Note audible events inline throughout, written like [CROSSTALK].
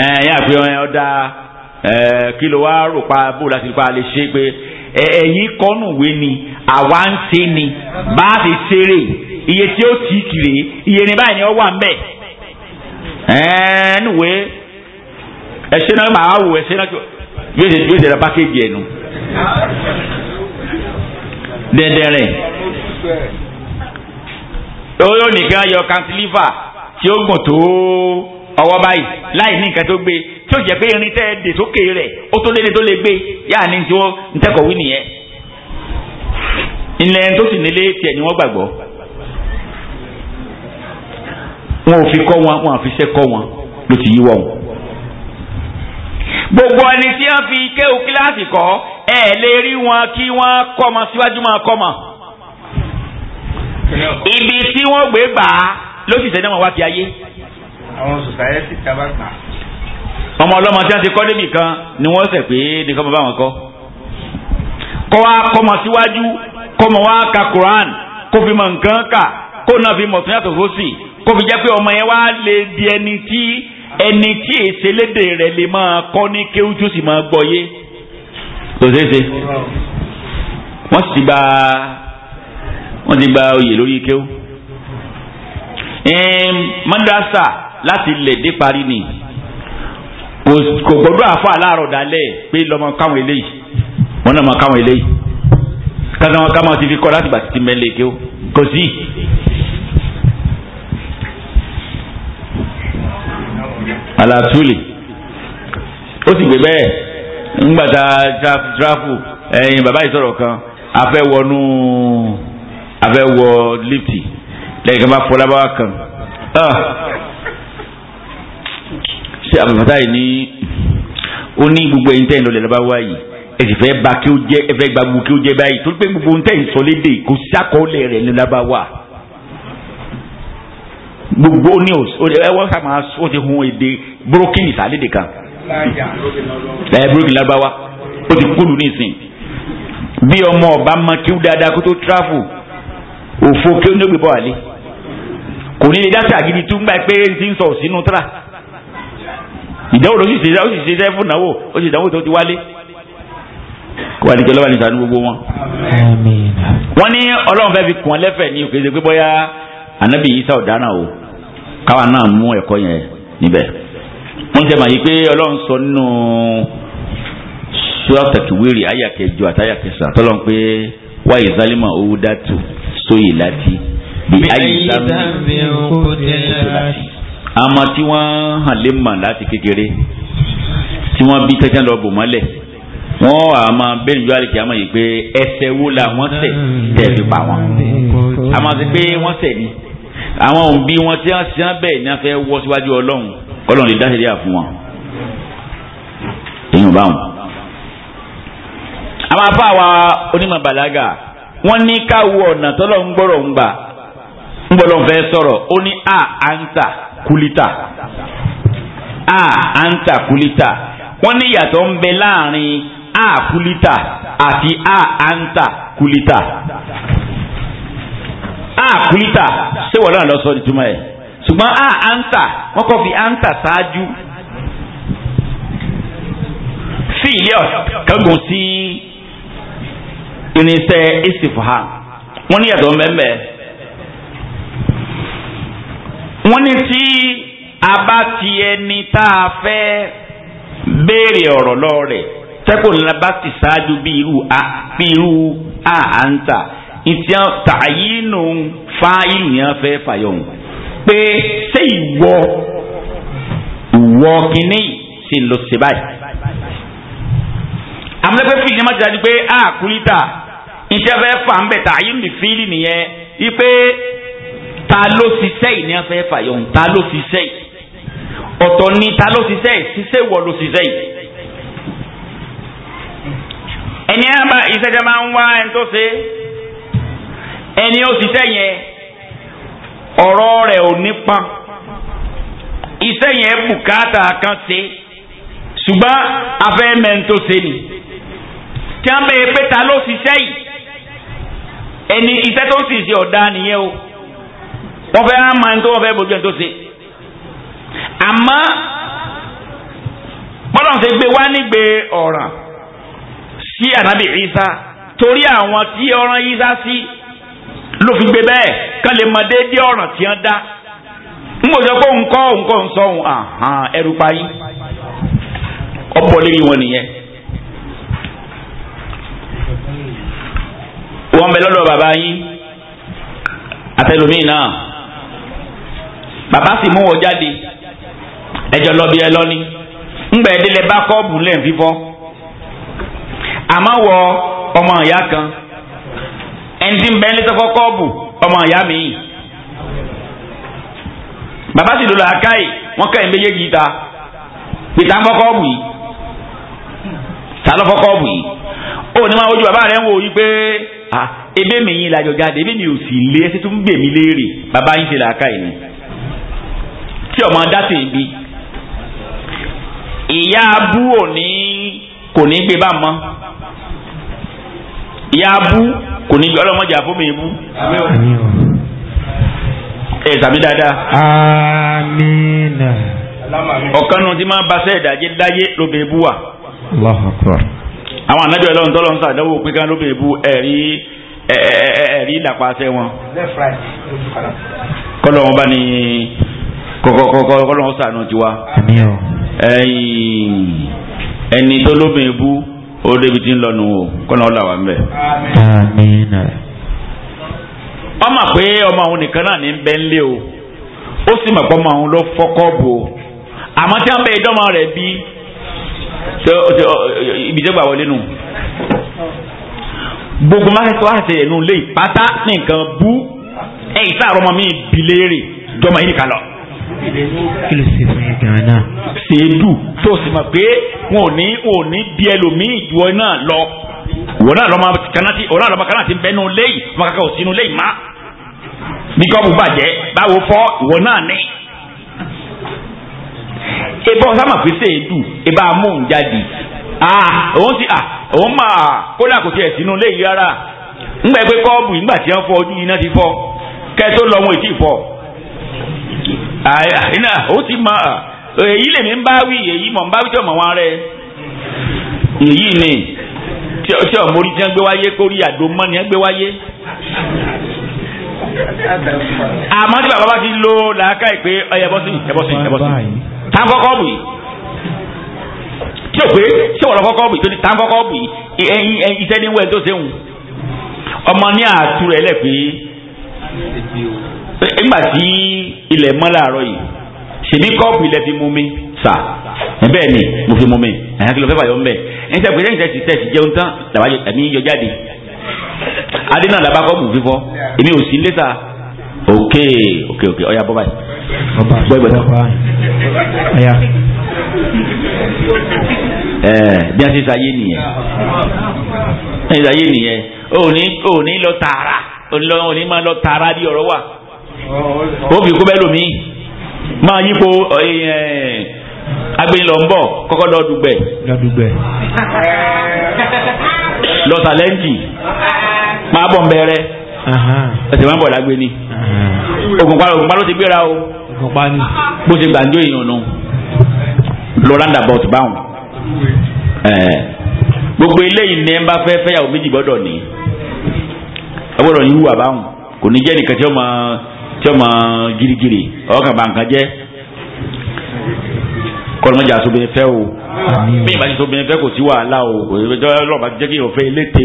ẹ yà pé ọ̀dà kí ló wá rò pa bó láti pa lè ṣe pé ẹ̀yìn kọ́nùwé ni àwa ń ṣe ni bá a ti ṣeré iye tí ó tì í kiri iye ní báyìí ni ó wà ń bẹ̀ ẹ̀ẹ́nùwé ẹ̀ṣẹ́ náà màá wò ẹ̀ṣẹ́ náà yóò ṣe yóò ṣe ra pákéjì ẹ̀ nù dẹ́dẹ́rẹ́ ó yóò nìkan yọ kantilever tí ó gùn tó ọwọ́ báyìí láì ní nǹkan tó gbé tí ó jẹ́ pé irin tẹ́ dè sókè rẹ̀ ó tó lélẹ̀ tó lè gbé yáà ní tí wọ́n ń tẹ́kọ̀ọ́ wí nìyẹn. ilẹ̀ tó sì nílé tiẹ̀ ni wọ́n gbàgbọ́. wọn ò fi kọ́ wọn wọn àfi iṣẹ́ kọ́ wọn ló ti yí wọ̀ wọn. gbogbo ẹni tí wọ́n fi kéwù kíláàsì kọ́ ẹ lè rí wọn kí wọ́n kọ́ ọmọ síwájú máa kọ́ ọmọ. ibi tí wọ́n gbé gbà á ló sì sẹ́ àwọn sòsáyẹ́tì tábà gbà. ọmọ ọlọ́mọ tí wọ́n ti kọ́ débì kan ni wọ́n sẹ̀ pé nìkan bàbá wọn kọ́ kọ́ wa kọ́mọ síwájú kọ́mọ wa ka Quran kó fi mọ nǹkan kà kó náà fi mọ̀ tún yàtọ̀ sósì kó fi jẹ́ pé ọmọ yẹn wá lè di ẹni tí ẹni tí èsè lédè rẹ̀ lè máa kọ́ ní kéwú sì máa gbọ́ yé kò ṣeé ṣe wọ́n sì gba wọ́n ti gba oyè lórí kéwú. madrasa láti lè dé parí ni kò gbọdọ̀ àfọ aláàrọ̀ dalẹ̀ pé lọ́mọ káwọn eléyìí wọn náà mọ káwọn eléyìí káwọn káwọn ti fi kọ́ láti bàtí ti mẹ́lẹ̀ kí ó kò sí. alatuli ó sì gbé bẹ́ẹ̀ ńgbàtà tirafu ẹ̀yin bàbá yìí sọ̀rọ̀ kan afẹ́ wọnú afẹ́ wọ lifti lẹ́yìn kan bá fọlábà kan ṣé àbùfàtà yìí ní ó ní gbogbo ẹ̀yin tẹ́yìn lọ́lẹ̀ lọ́ba wá yìí ẹ sì fẹ́ ba kí ó jẹ́ ẹ fẹ́ gba gbogbo kí ó jẹ́ báyìí torí pé gbogbo ohun tẹ́yìn sọ léde kò sákọọ́lẹ̀ rẹ̀ ní lọ́ba wá gbogbo ní ẹ wọ́n sá máa ó ti hun èdè burúkínì sàlédè kan ẹ burúkínì lọ́ba wá ó ti kúlù nísìn bí ọmọ ọba mọ kí ó dáadáa kó tó tíráfù òfo kí ó ní ó gbé bọ́ àlè kò ní lè dá ìdánwò ló sì ṣe ó sì ṣe iṣẹ́ fún ìdánwò ó sì ìdánwò tó ti wálé kó wà ní kí ọlọ́wà ní sànú gbogbo wọn. wọ́n ní ọlọ́run fẹ́ẹ́ fi kún ọ lẹ́fẹ̀ẹ́ ní òkèèzè pé bóyá ànábì Ìsá ọ̀daràn o káwa náà mú ẹ̀kọ́ yẹn níbẹ̀. wọ́n ti mọ̀ pé ọlọ́run sọ nínú sura takiwiri aya kẹjọ àti aya kẹsàn tọ́lọ́n pé wáyé zálímà owó dátù sóyè láti bí ayé sábẹ́ àmọ́ tí wọ́n hàn lé mà láti kékeré tí wọ́n bí tẹ́tẹ́ lọ bò mọ́lẹ̀ wọ́n á máa bẹ́ẹ̀ ju àlèkè àmọ́ yìí pé ẹsẹ̀ wo la wọ́n ṣẹ̀ tẹ̀ fi pa wọn àmọ́ àti pé wọ́n ṣẹ̀ ni àwọn òbí wọn tí wọ́n ṣiṣẹ́ bẹ́ẹ̀ ni wọ́n fẹ́ wọ́ síwájú ọlọ́run ọlọ́run lè dáṣẹ́ díà fún wọn èyí ò bá wọn. àwọn afá wa onímọ̀ bàlágà wọ́n ní káwọ́ ọ̀nà tọ́lọ́ ń gbọ́rọ̀ ń gbà ń gbọ́dọ̀ fẹ́ sọ̀rọ̀ ó ní à ń tà kulita a anta kulita wọ́n ní ìyàtọ̀ ń bẹ láàrin a kulita àti a anta kulita a kulita ṣé wọ́n náà lọ sọ ìtumọ̀ ẹ̀ ṣùgbọ́n a anta wọ́n kọ́ fi anta ṣáájú fi ilé ọ̀kẹ́gun sí irinṣẹ́ istifha wọ́n ní ìyàtọ̀ ń bẹ ń wọ́n ní tí a bá ti ẹni tá a fẹ́ béèrè ọ̀rọ̀ lọ rẹ̀ tẹ́kọ̀ ńlá bá ti ṣáájú bí irú a bí irú a à ń tà ìtì tààyínú fáìlì yẹn fẹ́ fàyọ̀ hàn pé ṣé ìwọ ìwọ kìíní ṣe ń lọ sí báyìí. amúlẹ́pẹ́ fìdí má ti dájú pé a kúlítà iṣẹ́ fẹ́ fà ń bẹ̀ tààyínú fíìlì nìyẹn wípé ta ló ṣiṣẹ́ yìí ni wọ́n fẹ́ fàyọ̀ ta ló ṣiṣẹ́ yìí ọ̀tọ̀ ni ta ló ṣiṣẹ́ yìí ṣiṣẹ́ wọ̀ ló ṣiṣẹ́ yìí. ẹni ẹ máa iṣẹ́ tẹ máa ń wá ẹni tó ṣe ẹni ó ṣiṣẹ́ yẹn ọ̀rọ̀ rẹ̀ ò ní pọn iṣẹ́ yẹn bùkátà kan ṣe ṣùgbọ́n afẹ́ mẹ́ńtó ṣe ni tí wọ́n bẹ̀rẹ̀ pé ta ló ṣiṣẹ́ yìí ẹni iṣẹ́ tó ń ṣiṣẹ́ ọ̀dà nìyẹn o wọ́n fẹ́ máa ń tó wọ́n fẹ́ bójú ẹ̀ tó ṣe àmọ́ bọ́dọ̀ ṣe gbé wá nígbè ọ̀ràn sí ànábì Ìsá torí àwọn tí ọ̀ràn Ìsá sí ló fi gbé bẹ́ẹ̀ kán lè mọ déédéé ọ̀ràn tí wọ́n dá n kò sọ pé òun kọ́ òun kọ́ òun sọ òun àhàn ẹrù parí ọ̀pọ̀ lórí wọn nìyẹn. wọ́n bẹ lọ́dọ̀ bàbá yín àtẹlómìn bàbá sì mú wọn jáde ẹjọ lọ bí ẹ lọ ni ńgbà ẹdínlẹ bá kọ́ọ̀bù lẹ́ẹ̀ fífọ́ àmọ́ wọ ọmọ ìyá kan ẹni tí ń bẹ nílé sọ́kọ́ kọ́ọ̀bù ọmọ ìyá mi-ín bàbá sì lọ́la káyì wọ́n káyì méjèèjì ta pété àwọn kọ́ọ̀bù yìí ta lọ́fọ́ kọ́ọ̀bù yìí ó ní wọn ojú bàbá rẹ̀ ń wò yí pé ah, ebe mi yín lajọ jáde ebe ò sì lé ẹsẹ̀ tó ń gbèmí léèrè bàbá yín ṣe làákàyè ni tí ọmọ dásì ibi ìyá abú òní kò ní gbé bá mọ́ ìyá abú kò ní gbé ọlọ́mọdé àbómi ibú ẹ sàmì dáadáa. amiina. ọ̀kan nù tí máa basẹ́ ìdájẹ́ dáyé lóbi ibú wa. Akbar. àwọn ànájọ́ ìlọrin tọ́lọ́ ń sàdánwò pé ká lóbi ibú ẹ̀rí ẹ̀rí ìdàpọ̀ àṣẹ wọn. kọ́lọ́ wọn bá ní kọkọkọkọ kọlọ́n sànù tiwa. ẹni tó lómi ibú ó débi tí ń lọnu o kọlọ́n là wà mbẹ. ọmọ pé ọmọ òun nìkan náà ní bẹ́ẹ̀ ń lé o ó sì mọ̀ pé ọmọ òun ló fọ́kọ́ bò ó àmọ́ tí wọ́n bẹ ìdánmọ̀ rẹ̀ bí ibi tẹ́gbà wọlé nù gbogbo mákẹ́tọ́ àti ẹ̀nu lè pátá nìkan bú ẹ̀yìn sáà rọmọ mi bi léèrè jọmọ yìí nìkan lọ kí ló ṣe fún yín gan-an náà. ṣèdù tó sì mọ̀ pé wọn ò ní wọn ò ní bí ẹlòmíì ju ọ náà lọ wọn náà lọ́mọ kanáti wọn náà lọ́mọ kanáti bẹ́ẹ̀ nù léyìí wọn kàkà òsínú léyìí má bí kọ́ọ̀bù bàjẹ́ báwo fọ́ ìwọ náà ní. ebọ́ sámà pé ṣèdù ebá amóhùn jáde òun ti òun máa kódà kò tiẹ̀ sínú léyìí rárá ńgbà pé kọ́ọ̀bù ìgbà tí wọ́n fọ ojú iná ti fọ́ iná ó ti mọ èyí lèmi ń bá wí èyí mọ̀ ń bá wí tí ọmọ wọn rẹ èyí ni tí ọmọ orí tí wọn gbé wáyé kórí àdó mọ́ ni wọn gbé wáyé. àmọ́ tí bàbá bá ti lo làákà ìpè ẹ̀yẹ sí ẹ̀ sí ẹ̀ sí tá a kọ́kọ́ bù yìí tí o pé tí wọ́n kọ́kọ́ bù yìí tó ní tá a kọ́kọ́ bù yìí ẹyin ẹyin iṣẹ́ ní wẹ́ẹ̀ tó ṣe ń ọmọ ní àtúrẹ̀ lẹ́ pé nígbà tí ilẹ̀ mọ́ láàárọ̀ yìí ṣèbí kọ́ọ̀pù ilẹ̀ fi mú mi sà bẹ́ẹ̀ ni mo fi mú mi ẹ̀hán kí ló fẹ́ fàyọ̀ mbẹ́ ẹ̀ ń sẹ́ pé lẹ́yìn tẹ̀sí tẹ̀sí jẹun tán làbá ẹ̀mí yọ jáde adé náà làbá kọ́ọ̀pù fífọ́ èmi ò sí létà ok ok ok ọ̀ya bọ́ báyìí bọ́ ìbọ̀dọ̀ bí a ṣe ṣayé nìyẹn ṣayé nìyẹn òní òní lọ tààrà òní máa lọ tààrà bí ọ̀rọ̀ wà ó kì í kó bẹ́ẹ̀ lómi máa yípo eh, agbẹ́yìnlọ ń bọ̀ kọ́kọ́ lọ dùgbẹ́. lọ sàlẹ́ǹtì máa bọ̀ ń bẹ̀rẹ̀ ẹsẹ̀ máa ń bọ̀ lágbé ni ògùnpá ògùnpá ló ti gbéra o bó ṣe gbàǹjo èèyàn nù lọ roundabout báwọn eh, gbogbo eléyìí ni ẹ bá fẹ́ fẹ́yàwó méjì gbọ́dọ̀ ní ẹ gbọ́dọ̀ ní wúwà báwọn kò ní jẹ́ nìkan tí ó máa tí ọmọ girigiri ọkàn bá nǹkan jẹ́ kọ́lọ́mọ́jà sóbìnrin fẹ́ o bí ìbáṣe sóbìnrin fẹ́ kò sí wàhálà o ọlọ́ọ̀bá jẹ́ kí ìrọ̀fẹ́ eléte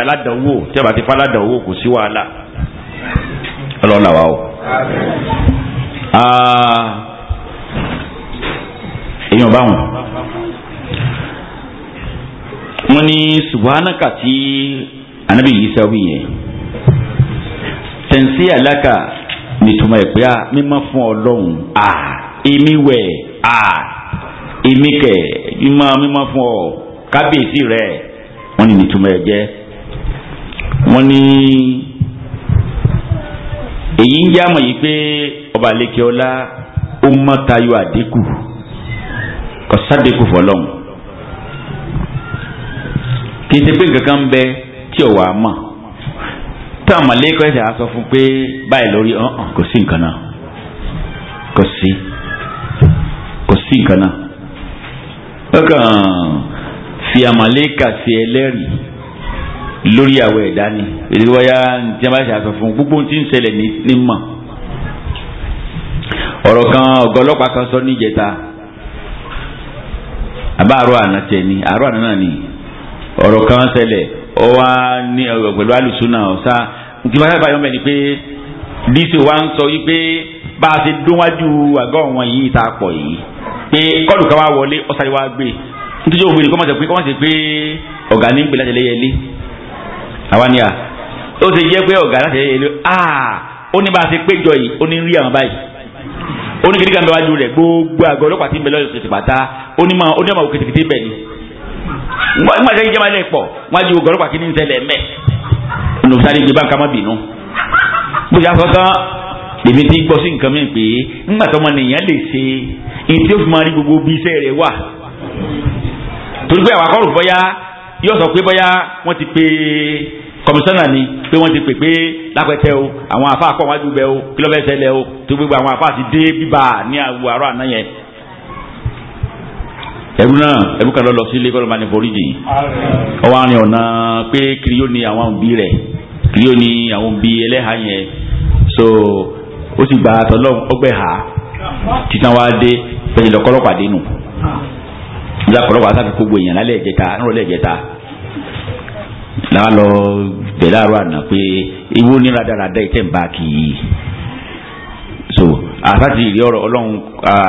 aládàáwò tí a bá ti fa aládàáwò kò sí wàhálà ọlọ́ọ̀là wa o. èèyàn báwọn wọn ní subhanaka tí anabi yìí sáwí yẹn tẹ̀sí àlàkà nítumọ̀ ẹ̀ e pé a mímọ́ fún ọlọ́run a èmi wẹ̀ a èmi kẹ̀ mímọ́ mímọ́ fún ọ kábíyèsí rẹ̀ wọ́n ní nítumọ̀ ẹ̀ e jẹ́ wọ́n ní èyí ń jámọ̀ yìí pé ọba àlekè ọlá ó mọ́ tayọ àdínkù kò sádẹ́kù kì í ṣe pé nǹkan kan ń bẹ tí ò mọ̀ táwọn mọ̀lẹ́kọ̀ ẹ̀sẹ̀ á sọ fún pé báyìí lórí ọ̀hún kò sí nǹkan náà kò sí kò sí nǹkan náà ó kàn fi àmọ̀lẹ́kà sí ẹlẹ́rìí lórí àwọ̀ ẹ̀dá ni èdè wáyà tí a bá ṣe àsọ fún gbogbo tí ń ṣẹlẹ̀ ní mọ̀ ọ̀rọ̀ kan ọ̀gá ọlọ́pàá kan sọ ní àbá àárọ̀ àná ni àárọ̀ àná ni ọ̀rọ̀ kan ṣẹlẹ̀ ọ pẹ̀lú àlùsùn náà ọ̀sá ìtìmọ̀ sábà yọ̀ mẹ́ni pé dc wa ń sọ yìí pé bá a ṣe dúnwájú àgọ́ wọn yìí tá a pọ̀ yìí pé kọ́ọ̀lù kan wá wọlé ọ̀sáré wa gbé nítorí òwe ni kọ́ mọ̀ọ́sẹ̀ pé kọ́ mọ̀ọ́sẹ̀ pé ọ̀gá ní pè láti ẹlẹ́yẹlé àwa ni à ó ti jẹ́ pé ọ̀gá láti ẹlẹ́yẹlé à ó ní bá a ṣe péjọ yìí ó ní rí àwọn báyìí ó ní kìnnìkan bẹ́ẹ̀ wájú rẹ̀ gbogbo àgọ́ ọlọ́pàá ti ń bẹ lọ́yọ̀ kìtì pàtà ó ní máa ó ní máa wò kìtìkìtì bẹ́ẹ̀ ni wọ́n ti jẹ́ máa lẹ̀ pọ̀ wájú ọgọ́ ọlọ́pàá kìíní ń ṣẹlẹ̀ mẹ́ẹ̀ nùsàlẹ̀ ìjẹba nǹkan má bínú bó ṣe àfọ́tán èmi ti gbọ́ sí nǹkan mi pé nígbà tó ọmọnìyàn lè ṣe èyí tí ó fi máa rí gbogbo bí iṣẹ́ rẹ̀ wà torí pé àwọn akọ́rò bọ́yá yóò sọ pé bọ́yá wọ́n ti pe kọmíṣánná ni pé wọ́n ti pè pé lápẹtẹ o àwọn afa akọ wájú bẹ o kílọ̀fẹ́ sẹlẹ̀ o tó gbogbo àwọn afa ti dé bíbà ní àwọ̀ àrọ̀ àná yẹn ẹrú náà ẹrú kan lọ lọ sí ilé kọlọmọ ní foríjì ọwọ́ àárín ọ̀nà pé kiri yóò ní àwọn òbí rẹ̀ yóò ní àwọn bí ẹlẹ́hà yẹn so ó sì gba tọ́lọ́hún ọgbẹ́ ha titan wa dé pẹ̀lú ọ̀kọ́lọ́pàá dénú ìyá ọ̀kọ́lọ́pàá sáfi gbogbo èèyàn lálẹ́ ìjẹta nírọ̀lẹ́ ìjẹta náà lọ bẹ̀rẹ̀ àrò àná pé ewu ní radarada ìtẹ̀ ń bá kì í so àtàtì ìrí ọ̀rọ̀ ọlọ́run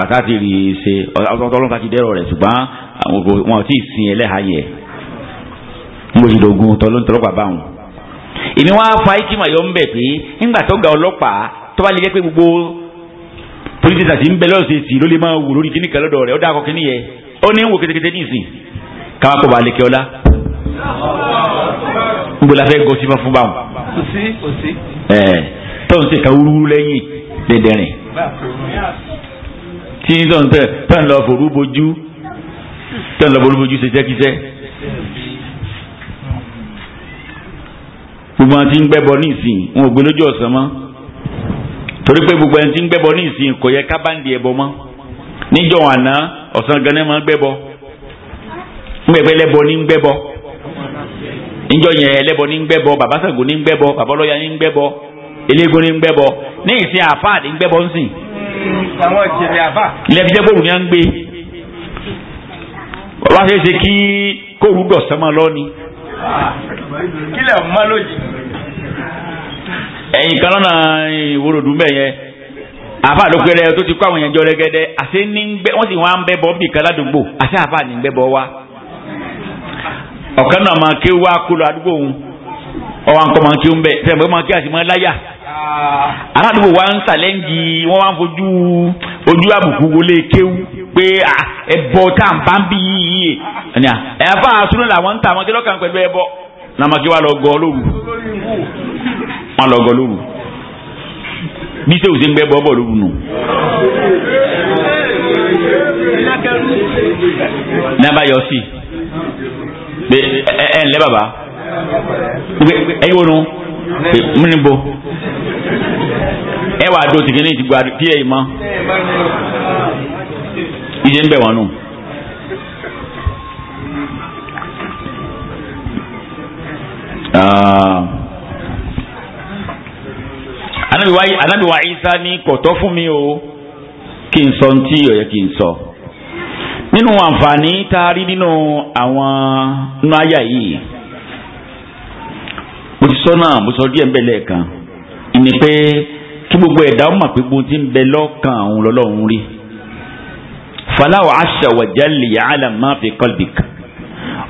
àtàtì ìrí ṣe ọlọ́run ká ti dẹ́rọ̀ rẹ̀ ṣùgbọ́n wọn ò tí ì sin ẹlẹ́hà yẹn mo sì dògùn tọ́lọ́pàá báwọn èmi wá fa ikima yọ ńbẹ pé ńgbà tó ga ọlọ́pàá tó bá lè jẹ́ pé gbogbo polisi tàbí ńbẹ lọ́sẹ̀sì ló lè máa wò lórí kíníkà lọ́dọ̀ rẹ̀ ó dáa kọ́ kíní yẹ ó ní ń wo ketekete ní ìsìn káwá kọ́ bá lè kẹ́ ọ la n bolo afẹ gọsi ma fún ba mu. kòsí kòsí. ẹẹ tọ́n ṣe ka wúruwúru lẹ́yìn dẹ̀dẹ̀rìn. tí tọ́n tẹ tọ́n lọ forúbojú tọ́n lọ forúbojú ṣe jẹ́kíṣẹ́ gbogbo àwọn tí ń gbẹ́bọ ní ìsìn wọn ò gbé lójú ọ̀sán mọ́ torí pé gbogbo ẹni tí ń gbẹ́bọ ní ìsìn kò yẹ ká bá ń di ẹbọ mọ́ níjọ àná ọ̀sán gan náà máa ń gbẹ́bọ ńgbẹ́bẹ́ lẹ́bọ ní ń gbẹ́bọ níjọ yẹn ẹlẹ́bọ ní ń bàbá Ṣàngó ní ń bàbá ọlọ́yà ní ń eléegun ní ń ní ìsìn àfáà ní ń ń sìn. àwọn ìjẹ̀lẹ̀ àfáà. ilẹ̀ fi jẹ́ kóòrù ní à ń gbé. wọ́n wá ṣe é ṣe kí kóòrù kílẹ̀ mọ́ lójì. ẹ̀yìn kan lọ́nà ìwòròdú bẹ́ẹ̀ yẹn àfa ló pẹ́rẹ́ tó ti kó àwọn yẹn jọ rẹ́gẹ́dẹ́ àti ní gbẹ́ wọ́n sì wọ́n á ń bẹ́ bọ́ wa. ọ̀kan náà máa ké wá kó lọ àdúgbò òun ọwọ́ nǹkan máa ké ń bẹ̀ láyà. wa ń wọ́n wá ń fojú ojú pé ah, ẹbọ tá à ń bá ń bí yíyí yìí ẹ bá a sunu làwọn ń ta àwọn kílọ̀ kan pẹ̀lú ẹbọ nàmàkí wa lọ gọ lóru wọn lọ gọ lóru bí sèwù sí ń gbẹ bọ bọ lóru nù. nàbà yọ sí pé ẹ ẹ ǹlẹ́ bàbá ẹ yíwo nu múnibo ẹ wà á do tìkínní ti gba kí ẹ yìí mọ iye ń bẹ̀ wọ́n nù. anabi ah. wa isa ní kọ̀tọ́ fún mi o kí n sọ ntí ó yẹ kí n sọ nínú àǹfààní tá a rí nínú àwọn nínú yìí mo ti sọ náà mo sọ díẹ̀ ń bẹ̀ lẹ́ẹ̀kan ìní pé kí gbogbo ẹ̀dá ó mà ti ń bẹ lọ́kàn òun lọ́lọ́run rí falawo aṣa wàjálì yàrá máa fi kọlbik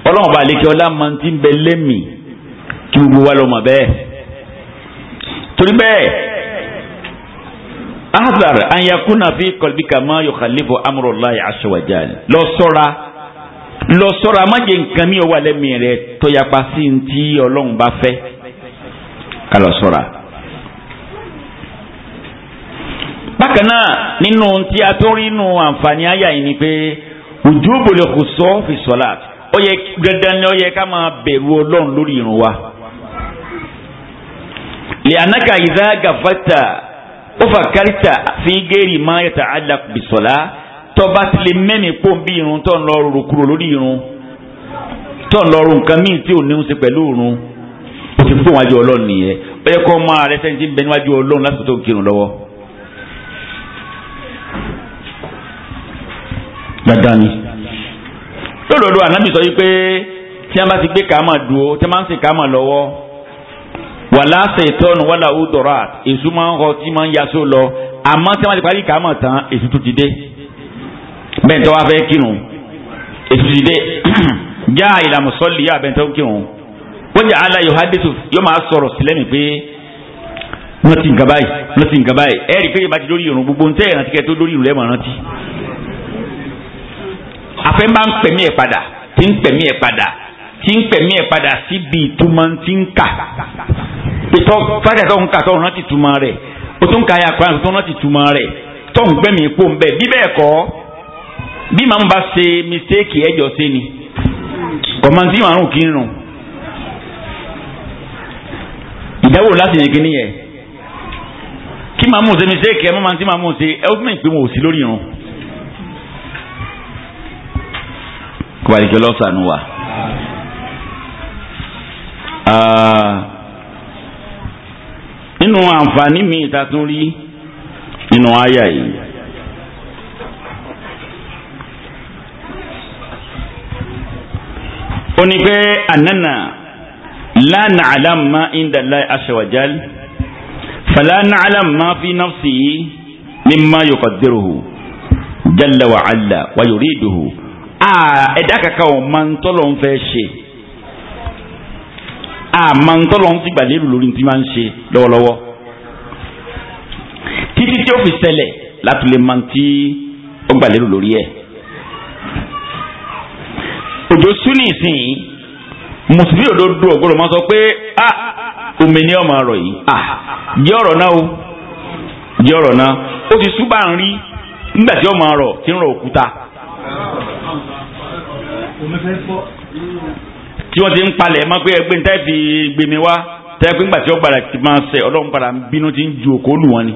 ọlọ́run bá lè kí ọlá máa ti ń bẹ lẹ́mì kí gbogbo wa lọ́mọ bẹ́ẹ̀ torí bẹ́ẹ̀ azar anyakuna fi kọlbika máa yọ kàlífọ amúrọ̀lá yà aṣa wàjálì lọ sọ́ra lọ sọ́ra má jẹ nǹkan mi wà lẹ́mì rẹ tó yapa ti ọlọ́run bá fẹ́ ká bákan náà nínú tí a tó rí nínú àǹfààní àyà yìí ni pé ojú òbòlè kò sọ fi sọlá ó yẹ dandan ni ó yẹ ká máa bẹ̀rù ọlọ́run lórí irun wa. lẹ́yìnáka ìdá gàfàtà ó fà kárìtà fi géèrè máa yàtà àdàkùbì sọlá tọba ti lè mẹ́mí pò ń bí irun tó ń lọ rò kúrò lórí irun tó ń lọ rò nǹkan míì tí ò ní í ṣe pẹ̀lú irun ó ti fún wájú ọlọ́run nìyẹn ó yẹ kó máa rẹ́sẹ̀ ti bẹ níwájú ọlọ́run lásìkò tó ń kírun lọ́wọ́. dandan ni. lódodo ànábì sọ yìí pé tí wọ́n bá ti gbé kàámà dúró tí wọ́n máa ń sìn kàámà lọ́wọ́ wàlá ṣètọ́nù wàlá ọ̀dọ́rà èso máa ń họ tí máa ń yasó lọ àmọ́ tí wọ́n ti parí kàámà tán èso tó ti dé bẹ́ẹ̀ ni tó wá fẹ́ kírun èso ti dé já ìlànà sọ́ọ̀lì yá bẹ́ẹ̀ tó kírun wọ́n jẹ́ ala yohadisu yóò máa sọ̀rọ̀ sílẹ̀ mi pé wọ́n ti nǹkan báyìí wọ́n ti nǹkan báyìí ẹ̀ẹ́dì pé ìbá ti lórí irun gbogbo ntẹ́ ìrántí kẹ́ tó lórí irun lẹ́mọ̀ rántí afẹ́ máa ń pẹ̀mí ẹ̀ padà tí ń pẹ̀mí ẹ̀ padà tí ń pẹ̀mí ẹ̀ padà síbi ìtumọ̀ tí ń kà ìtọ́ fàdà tó ń kà tó ń rántí ìtumọ̀ rẹ̀ o tó ń ka ayà kan tó ń rántí ìtumọ̀ rẹ̀ tó ń gbẹ̀mí epo ń bẹ̀ bí bẹ́ẹ̀ kọ́ bí màmú bá ṣe mistake ẹ̀jọ̀ sí ni ọmọ tí màrún kì í rùn ìdáwó láti yẹn kìíní yẹn kí màmú ṣe mistake ẹ̀ mọ́ màmú tí màmú ṣe ẹ̀ ó fún mi pé wọn ò lórí irun. kubalike lọsànù wa. Ah, nínú àǹfààní mi ta tún rí nínú àyà yìí. ó ní pé ànánà lánàá àlámà indala aṣèwájálì fàlànà àlámà fi nafsi mimma yuqaddiruhu jalla wa ala wa yuriduhu. Ah, ẹ̀dá kankan ò máa ń tọ́lọ̀ ń fẹ́ ṣe àmọ́ ń tọ́lọ̀ ń ti gbà lérò lórí ti máa ń ṣe lọ́wọ́lọ́wọ́ títí tí ó fi ṣẹlẹ̀ láti lè máa ti ó gbà lérò lórí ẹ̀ òjò súnì ìsìn yìí mùsùlùmí òdodo ọ̀gbọ́dọ̀ máa sọ pé a ah, omi ni ọmọ ọ̀rọ̀ yìí a ah, jẹ́ ọ̀rọ̀ náà o jẹ́ ọ̀rọ̀ náà ó ti súbà ń rí nígbà tí ọmọ ọ̀rọ̀ ti ń rọ òkúta tí wọ́n ti ń palẹ̀ mọ́ pé ẹgbẹ́ níta fi gbé mi wá tẹ́gbẹ́ ńgbà tí ó gbàdá ti máa ṣe ọlọ́run padà ń bínú ti ń ju òkú lù wọ́n ni.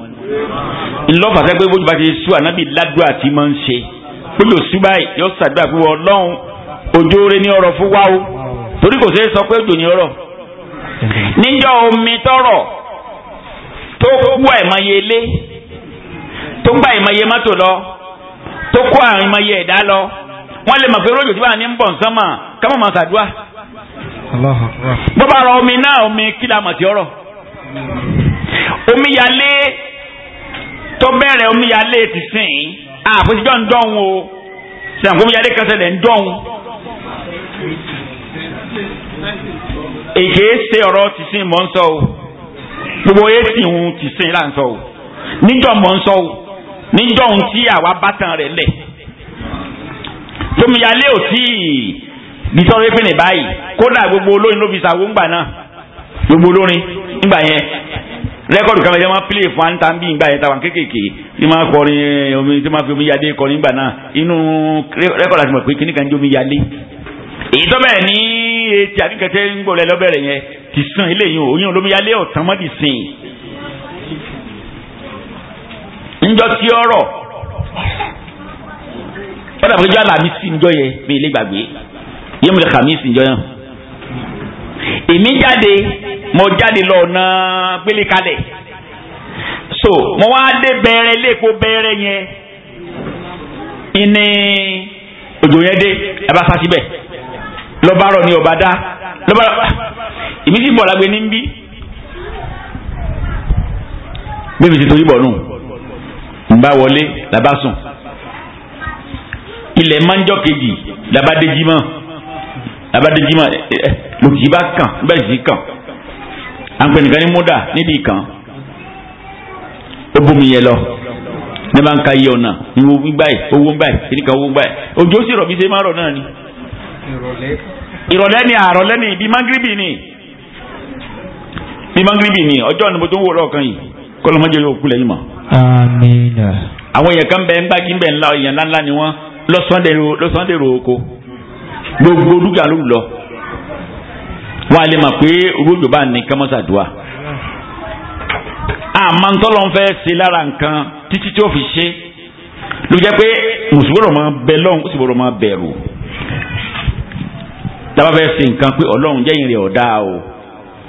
ńlọ́fà sẹ́gbẹ́ bójú bá ti sú ànábì ládùá tí máa ń ṣe bójú òsú báyìí yóò ṣàdúrà pé ọlọ́run òjò rẹ ní ọrọ̀ fún wa o torí kò ṣeé sọ pé òjò ní ọrọ̀. níjọ́ omi tọrọ tó kú àìmọye ilé tó gbà àìmọye mọ́tò lọ tó kó àìmọye ẹ̀dá lọ wọ́n lè mọ̀ pé rójò tí wàá ní ń bọ̀ nsán mà ká mọ̀ máa ṣàdúrà. bó bá rọ omi náà omi kí la mọ̀ tí ọ̀rọ̀. omíyalé tó bẹ̀rẹ̀ omíyalé ti sìn àfojújọ́ ń dọ̀hún o sàǹkó omíyalé kan ṣẹlẹ̀ ń dọ̀hún. èké ṣe ọ̀rọ̀ ti sìn mọ́ ń sọ o gbogbo èsì ń ti sìn là ń sọ o níjọ́ mọ́ ń sọ o níjọ́ ń tí àwa bá tán rẹ̀ lẹ̀ tómiyalé ò tí ì bí sọ wípé ní báyìí kódà gbogbo olórin ló fi ṣàwó ńgbà náà gbogbo olórin ńgbà yẹn rẹ́kọ̀dù kan bẹ́ẹ̀ máa pílè fún anta bí ńgbà yẹn táwọn kéékèèké tí máa kọrin omi tí máa fi omi yalé kọrin ńgbà náà inú rẹ́kọ̀dù àti mọ̀ pé kíní kan jẹ́ omi yalé èyí tó bẹ̀rẹ̀ ní etí àdìkẹ́tẹ́ ń gbọ̀lẹ́ lọ́bẹ̀rẹ̀ yẹn ti sàn eléyìí òyìn olómi yalé ọ̀tán mọ́ ti sìn. ńjọ́ tí ọ̀rọ̀ wọ́n dàbí ọjọ́ àlàmísì ńjọ́ yẹn mi ì lè gbàgbé yẹ́n mo lè kàmísì ńjọ́ yẹn. èmi jáde mo jáde lọ ọ̀nà gbélé kalẹ̀ so mo wá dé bẹ̀rẹ̀ lẹ́kọ̀ọ́ bẹ̀rẹ̀ yẹn ìní òjò yẹn dé ẹ bá sá síbẹ̀ lọ́ba rọ̀ ni ọba dá lọ́ba rọ̀ ah, èmi sì bọ̀ lágbe ní bí bí ti torí bọ̀ nù n bá wọlé làbá sùn ilẹ̀ manjọ́ kejì labadejimọ̀ labadejimọ̀ ẹ eh, eh, lòkìbá kan bẹ́ẹ̀ sì kan àpẹnìkan ní múdà níbi kan ó bomi yẹ lọ ní bá ń ka iye ọ̀nà ìwò gbáyì owó gbáyì ìníkan owó gbáyì òjò sì rọ̀ bí ṣe máa rọ̀ náà ni. ìrọ̀lẹ́ ni àrọ̀lẹ́ ni bí mangiribi ni bí mangiribi ni ọjọ́ ni mo tó ń wò lọ́ọ̀kan yìí kọ́lọ́mọdé yóò kú lẹ́yìn mọ́. àmín. àwọn èèyàn kan bẹ ń gbági ń bẹ ńlá èèyàn ńláńlá ni wọ́n lọ́sọ̀ndẹ̀rọ̀ oko gbogbo dúkìá ló lọ wọn a lè mọ̀ pé owó ìjọba ní kámọ́sàdúà àmọ́ ntọ́lọ́ ń fẹ́ ṣe lára nǹkan títí tí ó fi ṣe ló jẹ́ pé mùsùlùmí máa bẹ lọ́hùn ó sì gbọ́dọ̀ máa bẹ̀rù tábà fẹ́ ṣe nǹkan pé ọlọ́run jẹ́yìn rẹ̀ ọ̀dá o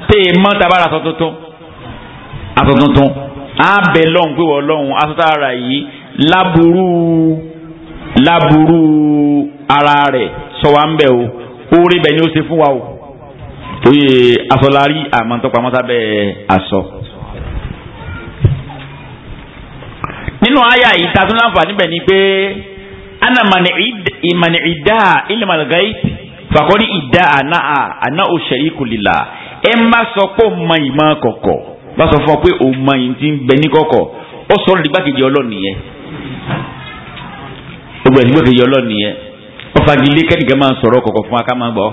tẹ́ ẹ mọ́ tábà ra aṣọ tuntun aṣọ tuntun á bẹ lọ́hùn pé ọlọ́run aṣọ tá yìí láburú. Laburu ara rẹ̀ sọ wa ń bẹ̀ o oore bẹ̀ ni ó ṣe fún wa o oye asọlarí àmọ́tọ́pamọ́sá bẹ́ẹ̀ aṣọ. nínú àyà yìí ta tún láǹfààní bẹ̀ ni pé ana mani ìdá ilmàlgáì fàkọ́rí ìdá àná àná òṣèré kò lè là ẹ má sọ pé ó mọ ìmọ̀ kọ̀kọ̀ bá sọ fún ọ pé ó mọ ìyìn tí ń bẹ ní kọ̀kọ̀ ó sọ̀rọ̀ nígbàkejì ọlọ́ọ̀nìyẹn gbogbo ẹ̀sìn gbòkè yọ ọlọ́ọ̀ni yẹn wọ́n fagilé máa sọ̀rọ̀ kọ̀kọ̀ fún wa máa gbọ́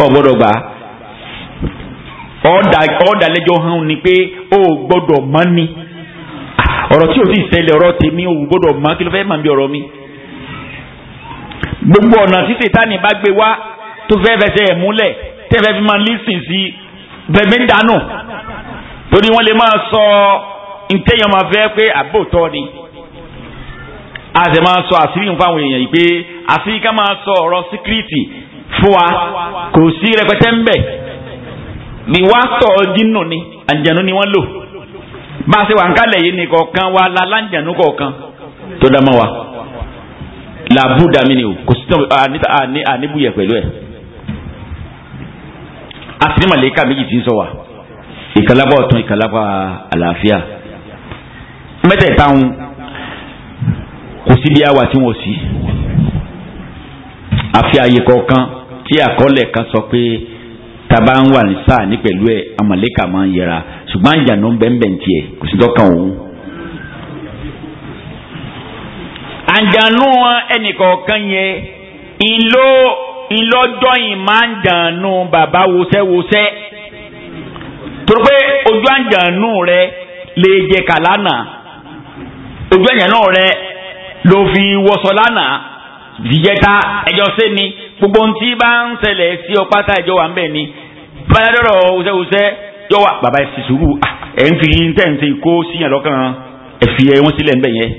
ọ gbọ́dọ̀ gbà ọ̀dà lẹ́jọ́ hàn ni pé ó gbọ́dọ̀ mọ́ ni ọ̀rọ̀ tí o ti ṣẹlẹ̀ ọ̀rọ̀ tèmi ò gbọ́dọ̀ mọ́ kí ló fẹ́ máa bí ọ̀rọ̀ mi. gbogbo ọ̀nà tí sètánì bá gbé wá tó fẹ́ fẹsẹ̀ ẹ̀ múlẹ̀ tẹ́fẹ́ fi máa lísìn sí bẹ̀mí ń dáná torí wọ́n lè máa sọ ntẹ́yàn máa fẹ́ pé àbótọ́ ni a sì máa sọ àṣírí nǹkan àwọn èèyàn yìí pé àṣírí ká máa sọ ọ̀rọ̀ síkírìtì fún wa kò sí rẹpẹtẹ ń bẹ̀ ni wá tọ̀ jínù ni àǹjànú ni wọ́n lò bá a ṣe wà ń kálẹ̀ yìí ni kọ̀ọ̀kan wa la láǹjànú kọ̀ọ̀kan tó dá mọ́ wa làbúdà mi ni o kò sí àníbùyẹ pẹ̀lú ẹ̀ àṣírí màlẹ́kà méjì ti ń sọ wa ìkàlábà ọ̀tún ìkàlábà àlàáfíà mẹ́tẹ̀ẹ̀ta ń kò síbi àwà tí wọn ò sí àfi àyè kọ̀ọ̀kan tí àkọọ́lẹ̀ kan sọ pé taba ń wà ní sáà ní pẹ̀lú ẹ̀ amọ̀lẹ́kà máa ń yẹra ṣùgbọ́n àjànú bẹ́ẹ̀nbẹ́ẹ̀n tiẹ̀ kò sí dọ́kàn òun. àjànú ẹnìkọ̀ọ̀kan yẹn ìlò ìlọ́jọ́yìn máa ń jànú bàbá wosẹ́wosẹ́ torí pé ojú àjànú rẹ lè jẹ kàlánà ojú àjànú rẹ ló fi wọṣọ lánàá jíjẹta ẹjọ sí ni gbogbo ohun tí bá ń ṣẹlẹ̀ sí ọ pátá ìjọ wà ń bẹ̀ ni bàdàdọ̀rọ̀ wùsẹ́wùsẹ́ yọ wà bàbá ẹ̀ sì sùúrù ẹ̀ ń fi tẹ̀sí kó síyàn lọ́kàn ẹ̀ fi ẹ̀ wọ́n sílẹ̀ ń bẹ̀ yẹn.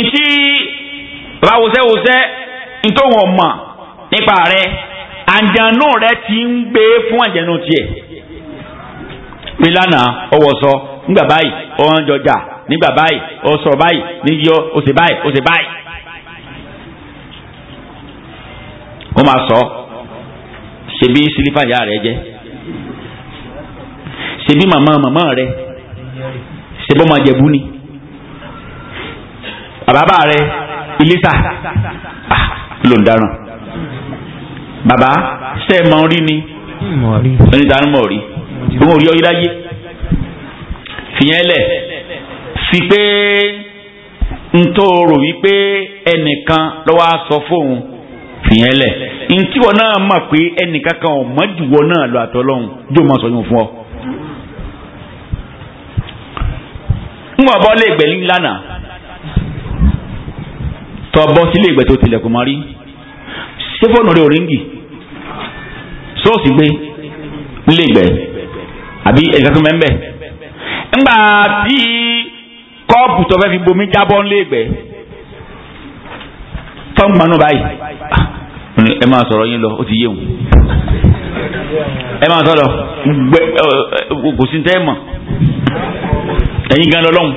ìtì bàbá ntòhùn ọ̀mọ̀ nípa rẹ̀ àjànú rẹ̀ ti ń gbé fún àjànú tiẹ̀. pé lánàá ń gbà báyìí ọ̀hún jọjà nígbà báyìí ó sọ báyìí níyọ ó sì báyìí ó sì báyìí. wọ́n máa sọ ṣebí sílífà ìyá rẹ jẹ́ ṣebí màmá màmá rẹ ṣebí ọmọ àjẹbú ni bàbá rẹ ilisa ah, ló ń dáràn bàbá ṣe é mọ orí ni onídàánú mọ orí òun ò rí ọyí láyé fìyẹn lẹ sí pé ntòrò wípé ẹnìkan lọ́wọ́ á sọ fóun fìyẹn lẹ̀ ntíwọ́ náà mọ̀ pé ẹnìkan kan ò mọ̀ jùwọ́ náà lọ àtọ́lọ́hún jó mọ̀ sọ yóò fún ọ. ń wọ̀ bọ́ lé ìgbẹ́lí lánàá tọ́ bọ́ sílé ìgbẹ́ tó tilẹ̀kùn mọ́ ṣé fóònù rẹ̀ ò sóòsì gbé nílé àbí ẹ̀ka tó mẹ́ńbẹ́ ńgbà tí kọ́ọ̀pù tó fẹ́ fi bomi jábọ́ ńlé ìgbẹ́ tọ́ǹgbọ̀n náà báyìí ah, ẹ máa sọ̀rọ̀ yín lọ ó ti yé òun ẹ máa sọ̀rọ̀ gbẹ kò sí tẹ́ mọ̀ ẹ̀yin gan lọ́lọ́hún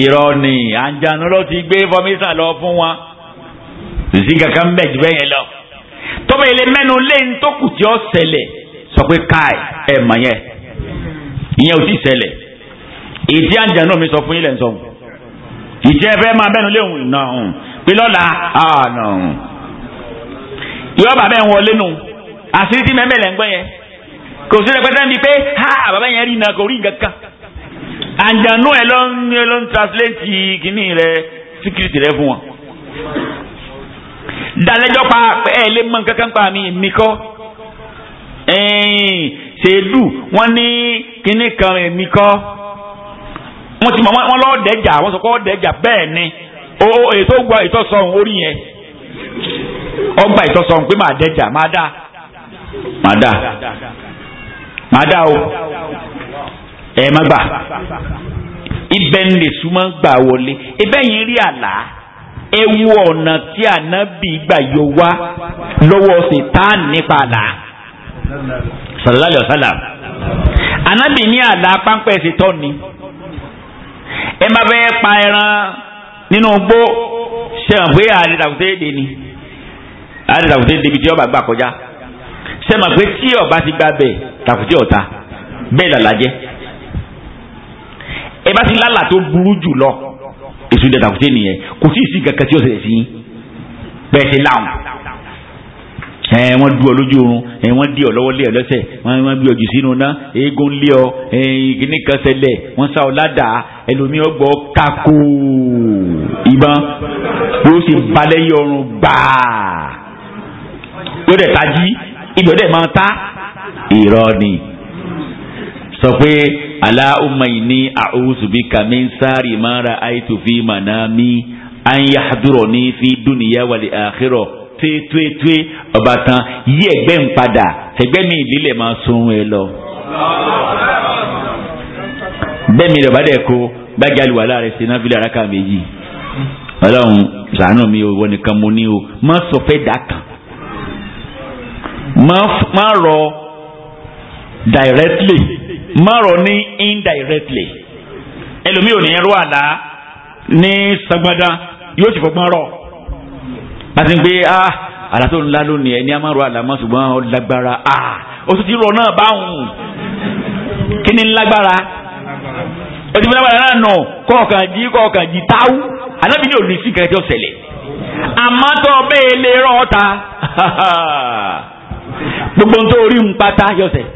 irọ́ ni àǹjànú ló ti gbé fọmísà lọ fún wa sí kankan bẹ́ẹ̀ jù bẹ́ẹ̀ yẹn lọ tọ́mọ̀ ilé mẹ́nu léyìn tó kù tí ó ṣẹlẹ̀ sọ pé káì ẹ̀ mọ̀ yẹn ìyẹn ò ti ṣẹlẹ̀ ètí àǹjẹ̀ náà mi sọ fún yín lẹ́nu sọ fún ìṣe fẹ́ máa bẹ́nu léhùn náà hùn pé lọ́la àná hùn yọ bàbá ẹ̀ wọlé nù àṣírí mẹ́mẹ́ lẹ́ ń gbẹ́ kò sí rẹpẹtẹ ní pé ha bàbá yẹn rí iná kò rí nǹkan kan àǹjànú ẹ ló ń ẹ ló ń translate kínní rẹ síkírìtì rẹ fún wọn. dalẹ́jọ́ pa ẹ lè mọ nǹkan kan pa mi mi kọ́ ṣèlú wọ́n ní kínní kan mi kọ́ wọ́n ti mọ̀ wọ́n lọ́ọ́ dẹ́jà wọ́n sọ pé ọ́ dẹ́jà bẹ́ẹ̀ ni o ètò gba ètò sọ̀hún orí yẹn ọgbà ètò sọ̀hún pé màá dẹ́jà màá dà màá dà màá dà o ẹ má gbà ibẹ̀ ń lè súnmọ́ gbà wọlé ibẹ̀ yìí rí àlá ewu ọ̀nà tí ànábì gbà yọ wá lọ́wọ́ ṣètán nípa àlá sallallahu alaihi ànábì ní àlá páńpẹ́ ṣètọ́ ni ẹ má fẹ́ pa ẹran nínú gbó sẹ́wọ̀n pé àdìdàkùtẹ́ èdè ni àdìdàkùtẹ́ èdè ibi tí ọba gbà kọjá sẹ́wọ̀n pé tí ọba ti gbà bẹ̀ tàkùtẹ́ ọ̀tá bẹ́ẹ̀ lọ́la jẹ́ ẹ bá ti lálà tó burú jù lọ èso ìdàkùtẹ́ nìyẹn kò tí ì sí kankan tí ó ṣẹlẹ̀ sí bẹ́ẹ̀ ṣe láwọn ẹ wọ́n du ọ lójú oorun ẹ wọ́n di ọ lọ́wọ́ lé ọ lẹ́sẹ̀ wọ́n wọ́n gbé ọ jù sínú ná eégún lé ọ ìgbìnnì kan ṣẹlẹ̀ wọ́n sá ọ ládàá ẹlòmíì ọgbọ kakó ìbọn yóò sì balẹ̀ yí ọrùn gbàá yóò dẹ̀ tají ibẹ̀ dẹ̀ máa ta irọ́ ni sọ pé aláhùnmá yìí ní àhùsùbí kàmí sáré mara àìtùfí mànà mi àyàdúrọ̀ ní fi dúnìyà wàlẹ̀ àkérò tuetue ọba tán yí ẹgbẹ́ ń padà ẹgbẹ́ mi ìlílẹ̀ máa sunrun ẹ lọ. bẹ́ẹ̀ mi ìrọ̀bá dẹ̀ kó gbájà lu wàhálà rẹ̀ sí náfìlì araka méjì ọlọ́run sàánù mi ò wọ nìkan mo ní o má sọ fẹ́ dà kan má rọ directly má rọ ní indirectly ẹlòmíì ò ní ẹrú àlá ní sagbada yóò sì fọgbọ́n rọ láti ń pé ah àlàtò ńlá lónìí ẹni a máa rọ àlàmọ́ ṣùgbọ́n ó lágbára ah ó tún ti rọ náà báwọn kí ni lágbára ó ti fi lágbára náà nà kọ̀ọ̀kan jí kọ̀ọ̀kan jí táwù alábìíní ò ní sí kẹrẹ tí ó ṣẹlẹ̀ àmọ́ tó bẹ́ẹ̀ lè rọ ọ́ta [LAUGHS] gbogbo tó rí ń pátá yọ̀sẹ̀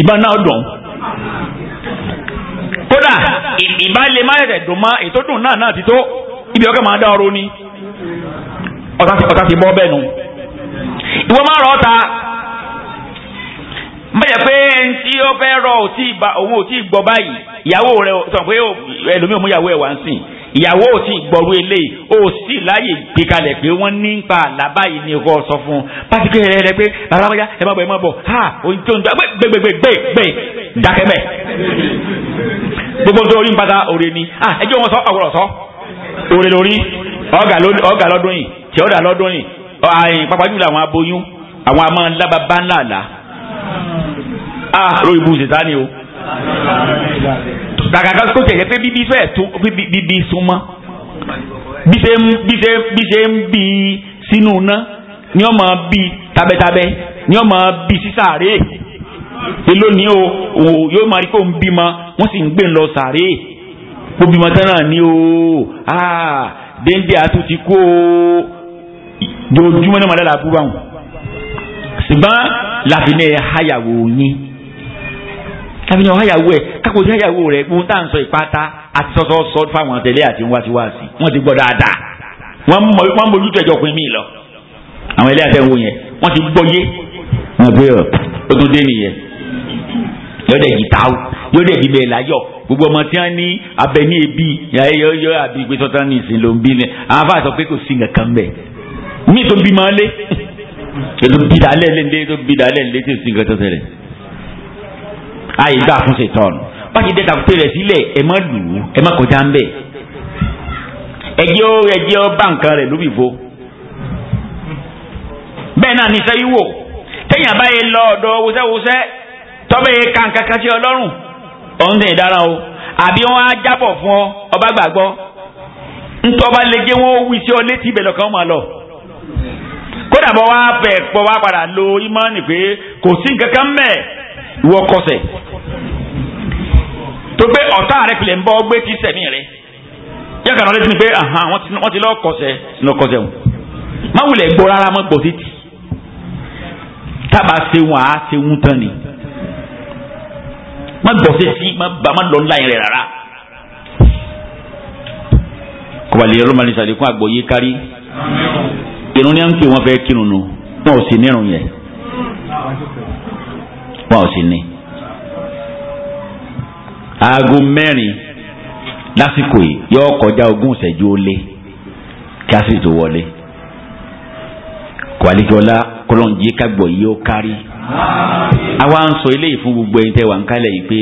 ìbá náà dùn kódà ìbá lè má yẹ̀tẹ̀ dùn mọ́ ètò dùn náà náà ti tó ibi ọkẹ́ máa dá ọrọ̀ ni ọ̀tá ti ọ̀tá ti bọ́ bẹ́ẹ̀ nu. ìwọ máa rọ ọ̀tá bẹ́ẹ̀ pé ẹni tí ó fẹ́ rọ òun ò tí ì gbọ́ báyìí ìyàwó rẹ̀ sọ pé ẹlòmíì mú ìyàwó ẹ̀ wá ń sìn ìyàwó ò tí ì gbọ́rú eléyìí sì láàyè gbé kalẹ̀ pé wọ́n ní pa àlá báyìí ni kò sọ fún un pàtíkì rẹ rẹ pé bàbá wáyà ẹ má bọ̀ ẹ má bọ̀ ha ohun tó ń dá gbẹgbẹgbẹgbẹ dákẹ́ bẹ́ẹ̀ gbogbo nítorí ń bàtà òre ni ẹjọ́ wọn sọ àwòrán sọ oore lórí ọ̀gá lọ́dún yìí tí ọ̀dà lọ́dún yìí àyìn pápá jùlọ àwọn aboyún àwọn amọ̀ ńlábàbá ńlá àlá a lórí ibu sèta ni o dàgàgà kó tẹ̀sẹ̀ pé bíbí fẹ́ tún bíbí súnmọ́ bí ṣe ń bí ṣe bí ṣe ń bí sínú ná ni ọmọ bí tabẹ́tabẹ́ ni ọmọ bí sísàárè èló ni o yóò máa rí kó ń bímọ wọ́n sì ń gbé lọ sàárè ó bímọ tán náà ah, ní o déńdé àtún ti kó o jojúmọ́ náà màdàlà àbúrò àwọn ṣùgbọ́n làfínẹ́ háyàwó yín làfínẹ́ háyàwó ẹ̀ kákòtí háyàwó rẹ̀ ohun tá à ń sọ ìpátá àti sọ́sọ́sọ́ fáwọn àtẹ̀lé àti wáṣíwáṣí wọ́n ti gbọ́ dáadáa wọ́n mọ mójútó ẹ̀jọ̀ pin mí lọ àwọn ẹlẹ́yà tẹ̀ ń wò yẹn wọ́n ti gbọ́ yé wọ́n pe ó tún dé nìyẹn yọ̀dẹ̀ yìí táwọn yọ̀dẹ̀ yìí bẹ́ẹ̀ láyọ̀ gbogbo ọmọ tí wọ́n ní abẹ ní ebi yọ àbí ìgbé sọ́tà ní ìsìn ló ń bí ni àwọn afáà sọ pé kò sí nǹkan kan bẹ̀ mí tó bí máa lé ètò bí dalẹ̀ lé lé tó bí dalẹ̀ lé tó sí nǹkan tó ṣẹlẹ̀ àyè gbà fún ṣètọ́nù báyìí dẹ́ta pé rẹ̀ sílẹ̀ ẹ má lù ú ẹ má kọjá ń bẹ̀ ẹjẹ́ ó ẹjẹ́ ó bá nǹkan rẹ̀ lóbi fo bẹ́ẹ̀ náà ní sẹ́yìn wò téèyàn báyìí lọ ọ̀dọ̀ wusẹ́wusẹ́ tọ́bẹ̀ yẹ kàǹkàkàṣe ọlọ́run ọ̀hún tẹ̀ dára o àbí wọ́n á jábọ̀ fún ọ ọba gbàgbọ́ ntọ́ba lè jẹ́ wọ́n wí sí ọ létí ibẹ̀ lọ́kàn máa lọ. kódà bọ́ wá bẹ̀ pọ̀ wá padà lo ìmánì pé kò sí nǹkan kan mẹ́ ìwọ kọsẹ̀ tó pé ọ̀tá rẹ̀ pilẹ̀ ń bọ́ gbé tí sẹ̀mí rẹ̀ yẹ kàn án létí pé wọ́n ti lọ́ọ́ kọsẹ̀ lọ́ọ́ kọsẹ̀ wọn. má gbọ́ rárá mọ́ gbòtítì tábà ṣe wọn àá ṣe wọn ni má gbọ́ sétí má bà má lọ ńlá yẹn rẹ̀ rárá. kọ́balẹ̀ yẹn ló máa ní sàlékún àgbọ̀yé kárí irun ní à ń pè wọ́n fẹ́ kírun nu wọn ò sì nírun yẹn wọn ò sì ní. aago mẹ́rin lásìkò yìí yọ kọjá ogún ìṣẹ́jú ó kí a sì tó wọlé kọ́balẹ̀ kí ọlá kọ́lọ́njì kágbọ̀ yìí ó kárí àwa ń sọ eléyìí fún gbogbo ẹ̀yin tẹ́ wà ń kálẹ̀ yìí pé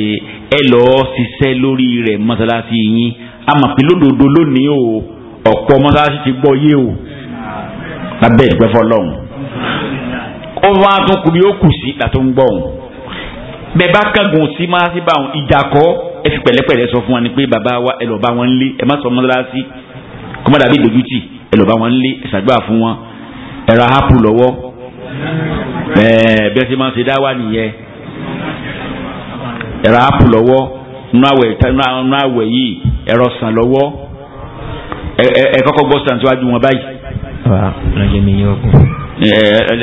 ẹ lọ́ọ́ ṣiṣẹ́ lórí rẹ̀ mọ́sálásí yín a lódodo lónìí o ọ̀pọ̀ mọ́sálásí ti gbọ́ yé o lábẹ́ ìpẹ́ fọlọ́hún ó wá tún kù ní ó kù sí ìgbà tó ń gbọ́ òun bẹ́ẹ̀ bá kángun sí mọ́sálásí bá òun ìjà kọ́ ẹ fi pẹ̀lẹ́pẹ̀lẹ́ sọ fún wa ni pé bàbá wa ẹ lọ́ọ́ bá wọn lé ẹ má sọ mọ́sálásí kọ́mọ́dàbí ìdójútì ẹ lọ́ọ́ bá ẹ̀ẹ́ bẹ́ẹ̀ sì máa ń ṣe dá wà nìyẹn ẹ̀rọ áàpù lọ́wọ́ nú àwẹ̀ yìí ẹ̀rọ sàn lọ́wọ́ ẹ̀ kọ́kọ́ gbọ́ sàn síwájú wọn báyìí.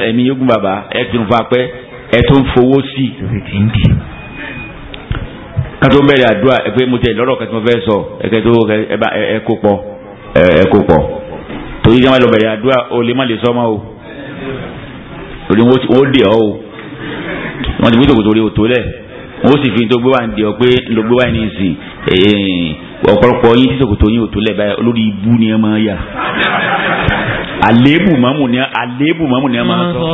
ẹ̀mí yóò gùn bàbá ẹ̀ tún fún apẹ́ ẹ̀ tún fowó sí i. kátó mẹ́rin àdúrà ẹ̀ pé mo tẹ̀ lọ́rọ̀ kẹ́tí mo fẹ́ sọ ẹ̀kẹ́ tó ẹ̀ kó pọ̀ ẹ̀ kó pọ̀ torí jẹ́ wọn lọ bẹ̀rẹ̀ àdúrà o lè má lè sọ́ ọmọ o torí wọ́n dè ọ́ o wọ́n ti fi tòkòtò rí òtó lẹ̀ wọ́n sì fi tó gbé wá ń dè ọ́ pé ló gbé wá ní ìsìn eh, ọ̀pọ̀lọpọ̀ yín tí tòkòtò yín òtó lẹ̀ báyìí olórí ibú ni ẹ máa yà àléébù mọ́mù ni àléébù mọ́mù ni ẹ máa sọ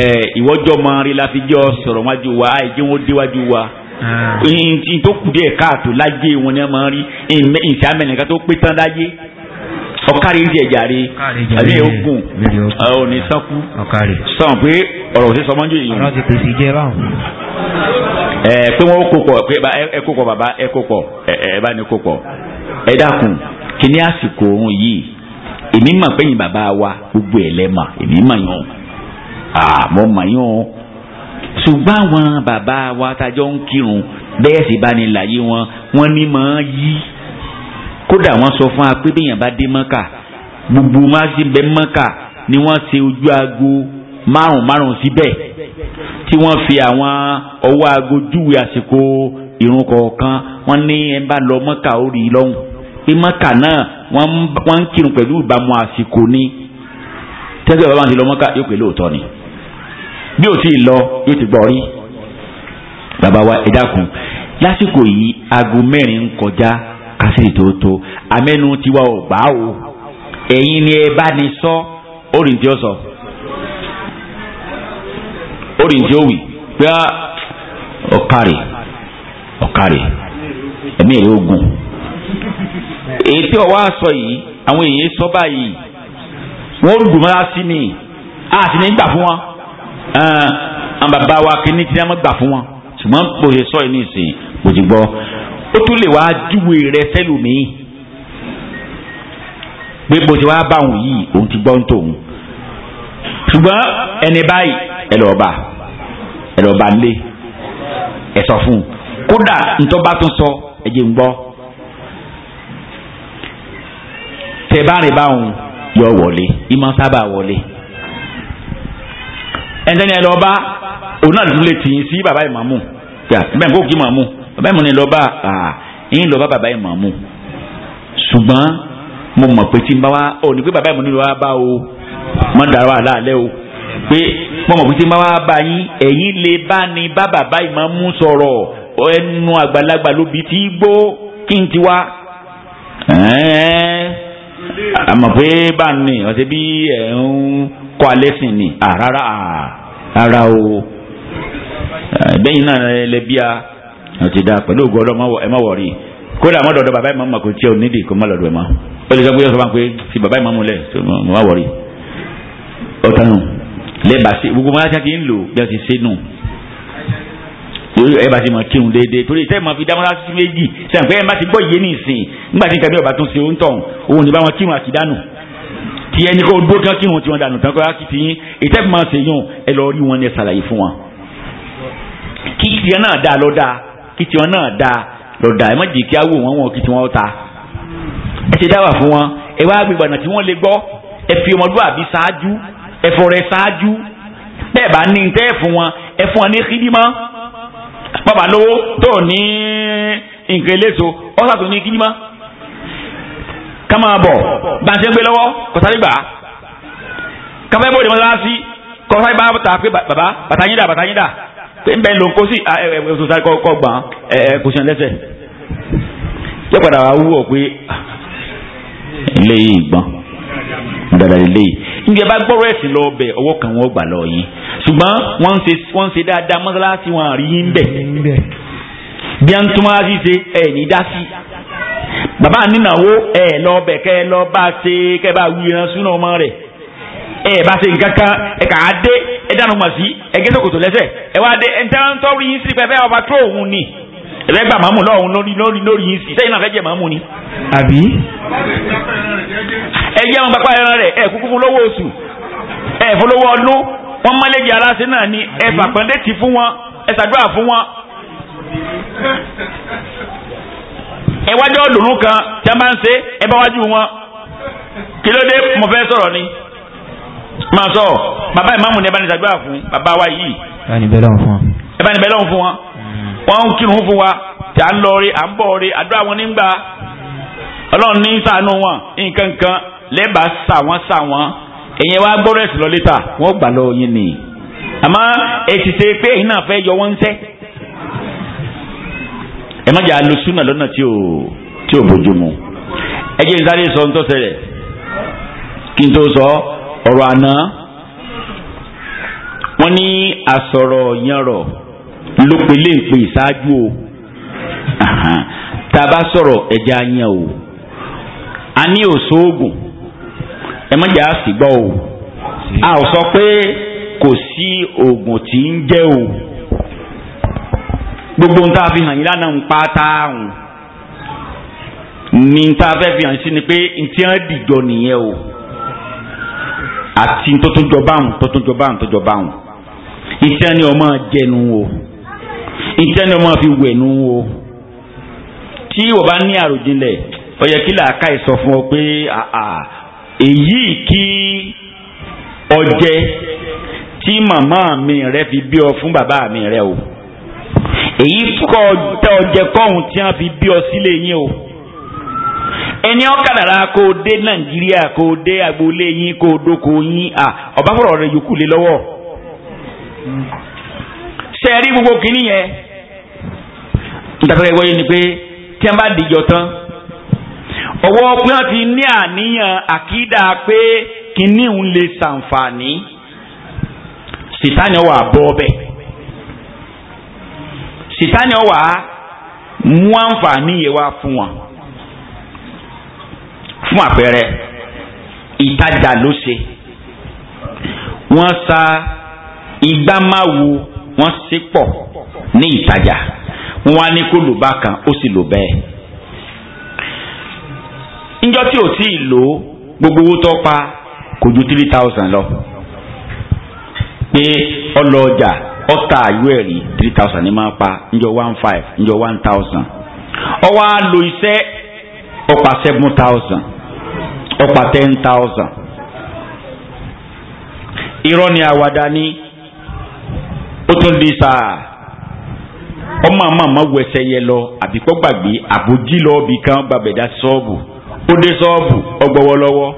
ẹ eh, ìwọ́jọ́ máa rí la fi jẹ́ ọ sọ̀rọ̀ wájú wa àìjẹ́ wọn déwájú wa ah. ntí tó kù díẹ̀ káàtó lájẹ́ wọn ni ẹ máa rí ìsàmẹ́nìkan tó pé tán láyé ọ̀kárí ń jẹ jàre àbí ogun òní sanku sàn pé ọ̀rọ̀ òsè sọmọ́jú yìí. ọ̀rọ̀ ti pèsè jẹ báwọn. ẹ pé wọn kó pọ̀ pé ẹ kó pọ̀ bàbá ẹ kó pọ̀ ẹ bá ní kó pọ̀ ẹ dákun kí àsìkò òun yìí èmi mọ̀ pé bàbá wa gbogbo ẹ̀ lẹ́mà èmi mọ̀ yàn àmọ́ mọ̀ yàn ṣùgbọ́n àwọn bàbá wa tájọ́ ń kírun bẹ́ẹ̀ sì bá ní láyé wọn wọ́n ní mọ̀ yí kódà wọ́n sọ fún wa pé bíyàn bá dé mọ́kà gbogbo máa bẹ mọ́kà ni wọ́n ṣe ojú aago márùn márùn síbẹ̀ tí wọ́n fi àwọn ọwọ́ aago júwe àsìkò ìrun kọ̀ọ̀kan wọ́n ní ẹ bá lọ mọ́kà ó rí i lọ́hùn pé mọ́kà náà wọ́n ń kírun pẹ̀lú ìbámu àsìkò ni tẹ́sán bàbá ti lọ mọ́kà yóò pè lóòótọ́ ni bí ò tí ì lọ yóò ti gbọ́ rí bàbá wa ẹ dákun lásìkò yìí aago mẹ́rin ń kọjá kásìrì tó tó amẹ́nu tiwa ò gbà o ẹ̀yin ni ẹ bá ní sọ orin tí ó sọ orin tí ó wì pé ọ̀kàrè ọ̀kàrè ẹ̀mí èrè ogun èyí tí ọ̀wá sọ yìí àwọn èyí sọ báyìí wọ́n rúgbùn mọ́ra sí mi àti ní gbà fún wọn àwọn bàbá wa kí ní tí wọ́n gbà fún wọn ṣùgbọ́n bó ṣe sọ yìí ní ìsìn kò ti gbọ́ ó tún lè wá júwe rẹ fẹ́lòmíì pé bó ti wá bá òun yìí òun ti gbọ́ ń tòun ṣùgbọ́n ẹni báyìí ẹ lọ bá ẹ lọ bá nílé ẹ sọ fún un kódà ntọ́ bá tún sọ ẹ jẹ́ ń gbọ́ tẹ bá rìn báwọn yọ wọlé ìmọ̀ sábà wọlé ẹnitẹ́ni ẹ lọ bá òun náà lè tì í sí bàbá ìmàmù bẹ́ẹ̀ kó kí màmú bàbá ìmọ̀ ni lọ bá ẹ̀yìn lọ bá bàbá ìmọ̀ mu ṣùgbọ́n mo mọ̀ pé tí n bá wa ò ní pé bàbá ìmọ̀ ni wàá bá o mọ̀ dàrú wà láàlẹ́ o pé mo mọ̀ pé tí n bá wa bá yín ẹ̀yìn lè bá ni bá bàbá ìmọ̀ mu sọ̀rọ̀ ẹnu àgbàlagbà lóbi tí gbó kí n ti wá àmọ̀ pé bá ń ní ọ̀sẹ̀ bí ẹ̀ ń kọ́ alẹ́ sìn ni rárá o bẹ́yìn náà lẹ́bíà ó ti dá pẹ̀lú ògùn ọlọ́mọ ẹ má wọ̀rí kódà àwọn ọ̀dọ̀ bàbá ìmọ̀ kò tí ò nídìí kó má lọ́dọ̀ ẹ̀ mọ́ ó lè sọ pé yóò sọ fún wa pé fi bàbá ìmọ̀ múlẹ̀ mo má wọ̀rí ó tánù lẹ́ẹ̀bà sí gbogbo wọn aṣáájú ń lò bí wọ́n ti ṣe nù ẹ bá ti mọ kírun déédéé torí tẹ́ ẹ máa fi dá mọ́lá sí méjì sẹ́yìn pé ẹ bá ti gbọ́ yé ní ìsìn nígbà tí nǹkan bí ọba tún ṣe ń tọ̀hún òun ní bá wọn dànù tán kó yá kí ti yín ètò ẹ̀fọ́ máa ṣe yàn ẹ lọ rí wọn ní ẹ ṣàlàyé fún wọn. kí ìyẹn náà dáa lọ dáa kí tiwọn náà da lọ́dà ẹ má jì kí á wò wọ́n wọn kí tiwọn ta ẹ ti dáwà fún wọn ẹ wá gbé ìgbàna tí wọ́n lè gbọ́ ẹ fi ọmọlúwàbí ṣáájú ẹ fọ̀rẹ́ ṣáájú bẹ́ẹ̀ bá ní tẹ́ fún wọn ẹ fún wọn ní kídímọ́ bàbá lówó tó ní nǹkan eléso ọ̀sà tó ní kídímọ́ ká máa bọ̀ gbàǹsẹ̀ gbé lọ́wọ́ kọ̀sáré káfẹ́ bóde mọ́tò wá sí kọ̀sáré pé bàbá bàtà yín dà bàtà yín dà nbẹ ló ń kó sí ọ̀sọ̀sá kọ́ gbà ẹ kò sàn lẹ́sẹ̀ yóò padà wá wú ọ pé eléyìí ah, gbọ́n dada eléyìí ǹjẹ́ bá gbọ́rọ̀ ẹ̀sìn lọ bẹ̀ ọwọ́ kan wọ́n gbà lọ yín ṣùgbọ́n wọ́n ń ṣe wọ́n ń ṣe dáadáa mọ́sálásí wọn àrí yín bẹ̀ bí a ń tún wá sí ṣe ẹ̀ dá sí bàbá nínáwó ẹ̀ lọ bẹ̀ kẹ́ lọ bá ṣe kẹ́ bá wí ìran ọmọ rẹ̀ ẹ̀ bá ṣe nǹkan kan ẹ̀ kà á dé ìdáná mọ̀ sí ẹgẹ́ sòkòtò lẹ́sẹ̀ ẹ wá dé ẹ̀ńtẹ́ ń tọ́rí yín sí pẹ́pẹ́ ọba tó òun ni ẹ̀fẹ́ gbà màmú lọ́hùn lórí lórí lórí yín sí sẹ́yìn náà fẹ́ jẹ́ màmú ni. àbí. ẹ jẹ́ wọn pápá ẹran rẹ̀ ẹ kúkú fún lówó oṣù ẹ fún lówó ọdún wọn mọ́lẹ́jì aláṣẹ náà ni ẹ fàpẹ́ndé ti fún wọn ẹ ṣàdúrà fún wọn. ẹ wájú ọdún kan tí a máa ń ṣe ẹ bá wájú wọn kí ló dé mo fẹ́ sọ̀rọ̀ ni máa sọ bàbá ìmáàmù ni ẹ bá ní ṣàdúrà fún bàbá wa yìí. ẹ bá ní bẹ́ẹ̀ lọ́hùn fún wọn. ẹ bá ní bẹ́ẹ̀ lọ́hùn fún wọn. Mm. wọ́n ń kírun fún wa tí à ń lọ rí à ń bọ̀ rí àdúrà wọn nígbà ọlọ́run ní ṣàánú wọn nǹkan kan lẹ́bàá sà wọ́n sà wọ́n ẹ̀yẹn wá gbọ́dọ̀ ẹ̀sìn lọ létà wọ́n gbà lọ yín ni àmọ́ èsì ṣe pé ẹ̀yin náà fẹ́ yọ wọ́n ń sẹ́ ẹ má jà lu súnà lọ́nà tí ò bójú mu ẹ jẹ́ n sáré sọ ń tọ́ ọ̀rọ̀ àná wọ́n ní àsọ̀rọ̀ yanrọ̀ ló pe léèpé ìṣáájú o tá a bá sọ̀rọ̀ ẹja yan o a ní òṣoògùn ẹ má jà á sì gbọ́ o a ò sọ pé kò sí oògùn tí ń jẹ́ o gbogbo ń tá a fi hàn yín lánàá ń pa tá a hùn ní tá a fẹ́ fi hàn sí ni pé ntí wọ́n dìjọ nìyẹn o àti tótójọ báwọn tótójọ báwọn tótójọ báwọn iṣẹ́ ni ọmọ jẹnu o iṣẹ́ ni ọmọ fi wẹ̀nu o tí wọ́n bá ní àròjinlẹ̀ ó yẹ kí làákà ìsọ fún ọ pé èyí kí ọjẹ tí màmá mi rẹ fi bí ọ fún bàbá mi rẹ o èyí kọ́ ọjẹ kọ́hún tí wọ́n fi bí ọ sílé yín o. ẹni ọkàdàrà kò dé nàìjíríà kò dé agboolé yín kò dóko yín à ọba fọlọ rẹ yòókù lé ṣe rí gbogbo kìíní yẹn nítorí ni pé tí wọ́n bá dìjọ tán ọwọ́ pé wọ́n ti ní àníyàn àkídà pé kìíní ń lè ṣàǹfààní sìtáni fún àpẹẹrẹ ìtajà ló ṣe wọ́n sa igbá máa wo wọ́n ṣe pọ̀ ní ìtajà wọ́n wá ní kó lò bá kan ó sì lò bẹ́ẹ̀ níjọ́ tí ò tí ì lò gbogbo owó tó pa kò ju three thousand lọ pé ọlọ́ọ̀jà ọ̀tà àyú ẹ̀rí three thousand ní máa pa níjọ́ one five níjọ́ one thousand ọwọ́ á lo iṣẹ́ ọ̀pá seven thousand ọ̀pá ten thousand. irọ́ ni àwàdà ni ó tún di sáà ọmọ àmọ́ àmọ́ wẹsẹ̀ yẹ lọ àbíkọ́ gbàgbé àbójí lọ bì kan gbàbẹ̀dá sọ́ọ̀bù ó dé sọ́ọ̀bù ọgbọ́wọ́ lọ́wọ́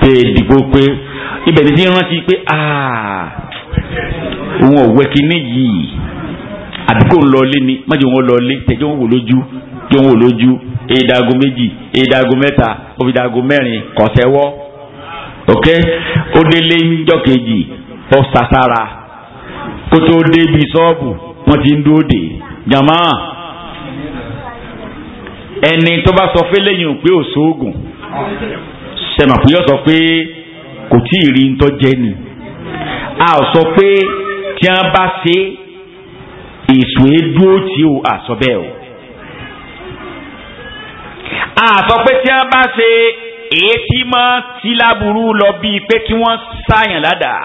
pé dìgbò pé ibẹ̀ ní ti rántí pé òun ò wẹ́ kinní yìí àbíkọ́ ń lọ lé ni májèwọ́n lọ lé tẹ̀jọ́ wọn wò lójú pé wọn ò lójú èdàgùn méjì èdàgùn mẹ́ta òfìdàgùn mẹ́rin kọ̀tẹ́wọ́ ok ó délé ńjọ́ kejì ó sàtara kó tó dé ibi sọ́ọ̀bù wọ́n ti ń dúró dè jàmá ẹni tó bá sọ pé lẹ́yìn pé ò sóògùn sọ pé kò tí ì rí ntọ́jẹ́ ni a ò sọ pé tí wọ́n bá ṣe èso èdúró tí ò àsọ bẹ́ẹ̀ o àsọ pé tí wọ́n bá ṣe èétí mọ́ tí láburú lọ bíi pé kí wọ́n sáyàn ládàá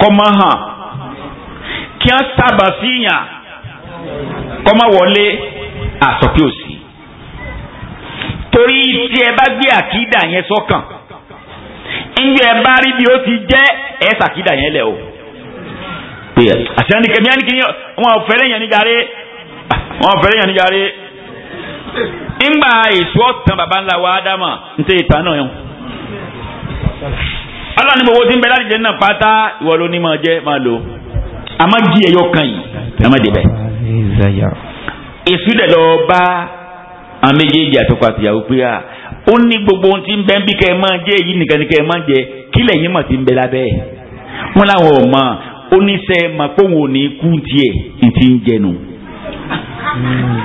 kọ́ mọ́ hàn kí wọ́n sábà síyàn kọ́ mọ́ wọlé àsọ pé ò sí torí tí ẹ bá gbé àkídà yẹn sọ́kàn ǹjẹ́ ẹ bá rí bí ó ti jẹ́ ẹ sàkídà yẹn lẹ̀ o àti ẹnikẹ́ni wọn ò fẹ́rẹ̀ yẹn níjàre wọn ò fẹ́rẹ̀ yẹn níjàre. ńgbà èso ọ̀tàn baba ńlá wa adama nse ìtàn náà yẹn. Allah ní gbogbo tí ń bẹ láti jẹ náà pátá ìwọ ló ní máa jẹ máa lò a jí kan yìí a máa débẹ̀. dẹ̀ lọ bá àwọn méjèèjì àtọkọ àtìyàwó pé à ó gbogbo tí ń bẹ ń bí kẹ́ ẹ máa jẹ èyí nìkan ni kẹ́ ẹ máa jẹ kílẹ̀ yín mọ̀ tí ń ti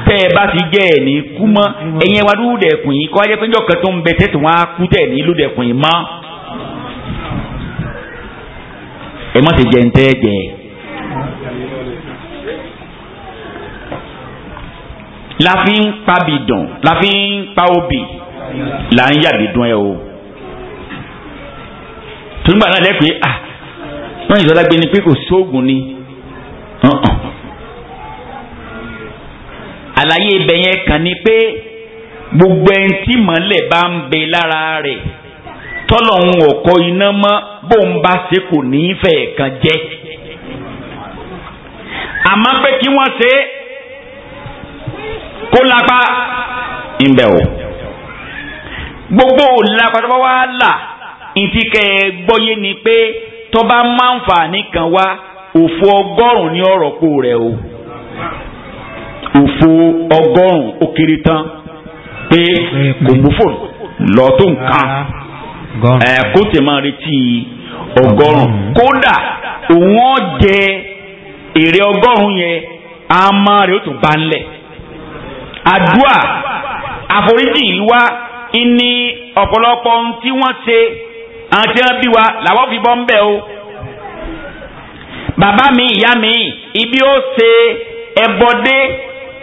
tẹ́ ẹ bá ti jẹ́ ẹ̀ ní kú mọ́ ẹ̀yin wa lódẹ̀kùn yìí kọ́ ajẹ́ pé ńjọ́ kan tó ń bẹ tẹ́tù wọn á kú tẹ̀ ní lódẹ̀kùn yìí mọ́. ẹ má ti jẹ ń jẹ. la fi ń pa bìdàn la fi ń pa obì là ń yàgbé dún ẹ o. tùmọ̀ náà lẹ́pẹ́ ah wọ́n yìí lọ́la gbé ni pé kò sóògùn ni àlàyé ibẹ̀ yẹn kàn ní pé gbogbo ẹni tí mọ́lẹ̀ bá ń bẹ lára rẹ̀ tọ́lọ́hún ọ̀kọ́ iná mọ́ bó ń bá ṣe kò ní í fẹ̀ kan jẹ́ àmọ́ pé kí wọ́n ṣe kó lápá ńbẹ o gbogbo òlàpá bá wá là ìtì kẹ ẹ gbọ́yé ni pé tọ́ba máa ń fà nìkan wá òfò ọgọ́rùn-ún ní ọ̀rọ̀ kó rẹ̀ o òfo ọgọ́rùn-ún ó kéré tán pé kò mú fòònù lọ tó nǹkan ẹ kó tẹ máa retí ọgọ́rùn-ún kódà òun ọ jẹ èrè ọgọ́rùn-ún yẹn a máa ó tún bá ń lẹ̀ àdúà àforíjì yìí wá ní ọ̀pọ̀lọpọ̀ tí wọ́n ṣe àti ẹbí wa làwọn fi bọ́ ń bẹ̀ o bàbá mi ìyá mi ibi ó ṣe ẹbọdé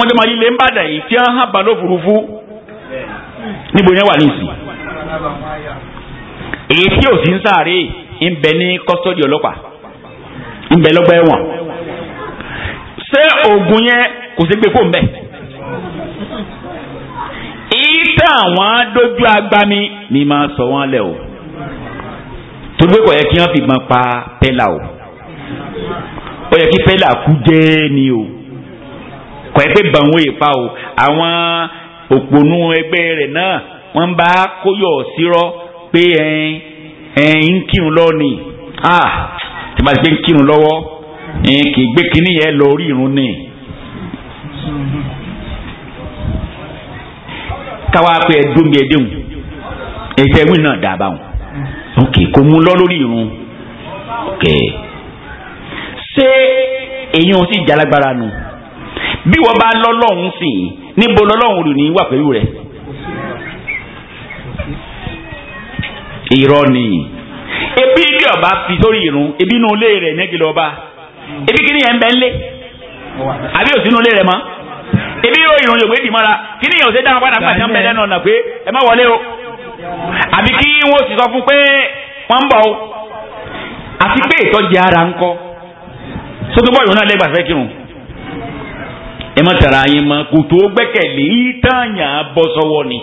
wọ́n ti máa yí lé ń bàdàn yìí tí wọ́n hàn bá lófurufú níbo yẹn wà ní ìsìn. èyí tí ò sí ń sáré ń bẹ ní kọ́sítọ́dì ọlọ́pàá ń bẹ lọ́gbà ẹ̀wọ̀n. ṣé oògùn yẹn kò sí gbé fóun bẹ́ẹ̀? àwọn dojú agbami ni máa sọ wọn lẹ o torí pé kò yẹ kí wọ́n fi gbọn pa pẹ́là o ó yẹ kí pẹ́là kú jẹ́ ni o pẹ̀pẹ́ bàwọn èèpa o àwọn òpònú ẹgbẹ́ rẹ̀ náà wọ́n ń bá kóyọ̀ sírọ́ pé ẹ̀yìn ẹ̀yìn ń kírun lọ́ọ́ ni ah, tí bá ti gbé ń kírun lọ́wọ́ ẹ̀yìn kì í gbé kínní yẹn lọ orí irun ni. káwa pé ẹ dómi ẹ déhùn ẹ̀jẹ̀ wí náà dàbà wọn ok kò mú lọ lórí irun ok ṣé èyí wọn sì jalagbára nù. No bí wọ́n bá lọ́lọ́hún sí i níbo lọ́lọ́hún rò ní wà pẹ̀lú irọ́ ni ebi bí ọba fi sórí irun ebi inú ilé rẹ̀ nẹ́gìlì ọba ebi kí yẹn ń bẹ́ ń lé àbí rẹ̀ mọ́ ebi yóò irun yògbé dì mọ́ra ò ṣe dáhùn padà pàṣẹ lẹ́nu ọ̀nà pé ẹ má wọlé o àbí kí sì sọ fún pé ń bọ̀ o àti pé ìtọ́jú ara ń kọ́ ẹ má tara yín mọ́ kò tó gbẹ́kẹ̀lé ìtàyà bọ́ sọ́wọ́ ni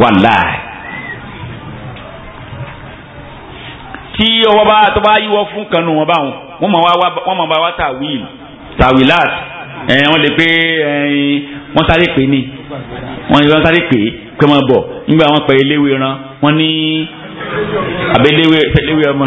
wàláì. tí ọwọ́ bá tó bá yíwọ́ fún kanu wọn báwọn wọ́n máa wá wọ́n máa bá wá tàwíìlì tàwíìlàt ẹ̀ wọ́n lè pé wọ́n sáré pé ni wọ́n yọ sáré pé pé wọ́n bọ̀ nígbà wọn pẹ̀ eléwé ran wọ́n ní abẹ́léwé eléwé ọmọ.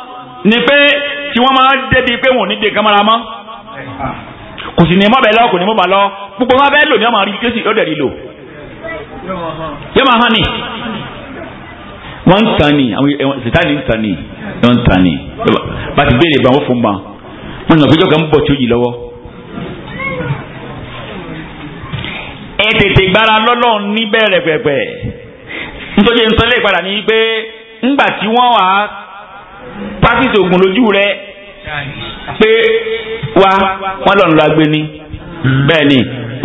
ni pé tí wọ́n máa débi pé wọn ò ní dé kámẹ́rà mọ́ kò sì ní mọ́ bẹ́ẹ̀ lọ kò ní mọ́ bá lọ gbogbo wọn bẹ́ẹ̀ lò ní ọmọ àrí kí ó sì ó dẹ̀ rí lò yóò máa hàn ní wọ́n ń tàn ní àwọn ẹ̀wọ̀n sitani ń tàn ní wọ́n ń tàn ní bàtí béèrè bá wọ́n fún ba wọ́n nà fíjọ́ kan bọ̀ tí ó yìí lọ́wọ́. ẹ tètè gbára lọ́lọ́run níbẹ̀rẹ̀ pẹ̀pẹ̀ nítorí ntọ́lẹ̀ ìpadà ní pé ńgbà tí wọ́n wà á practice oògùn lójú rẹ pé wá wọn lọ́nà la gbé ni hmm. bẹ́ẹ̀ ni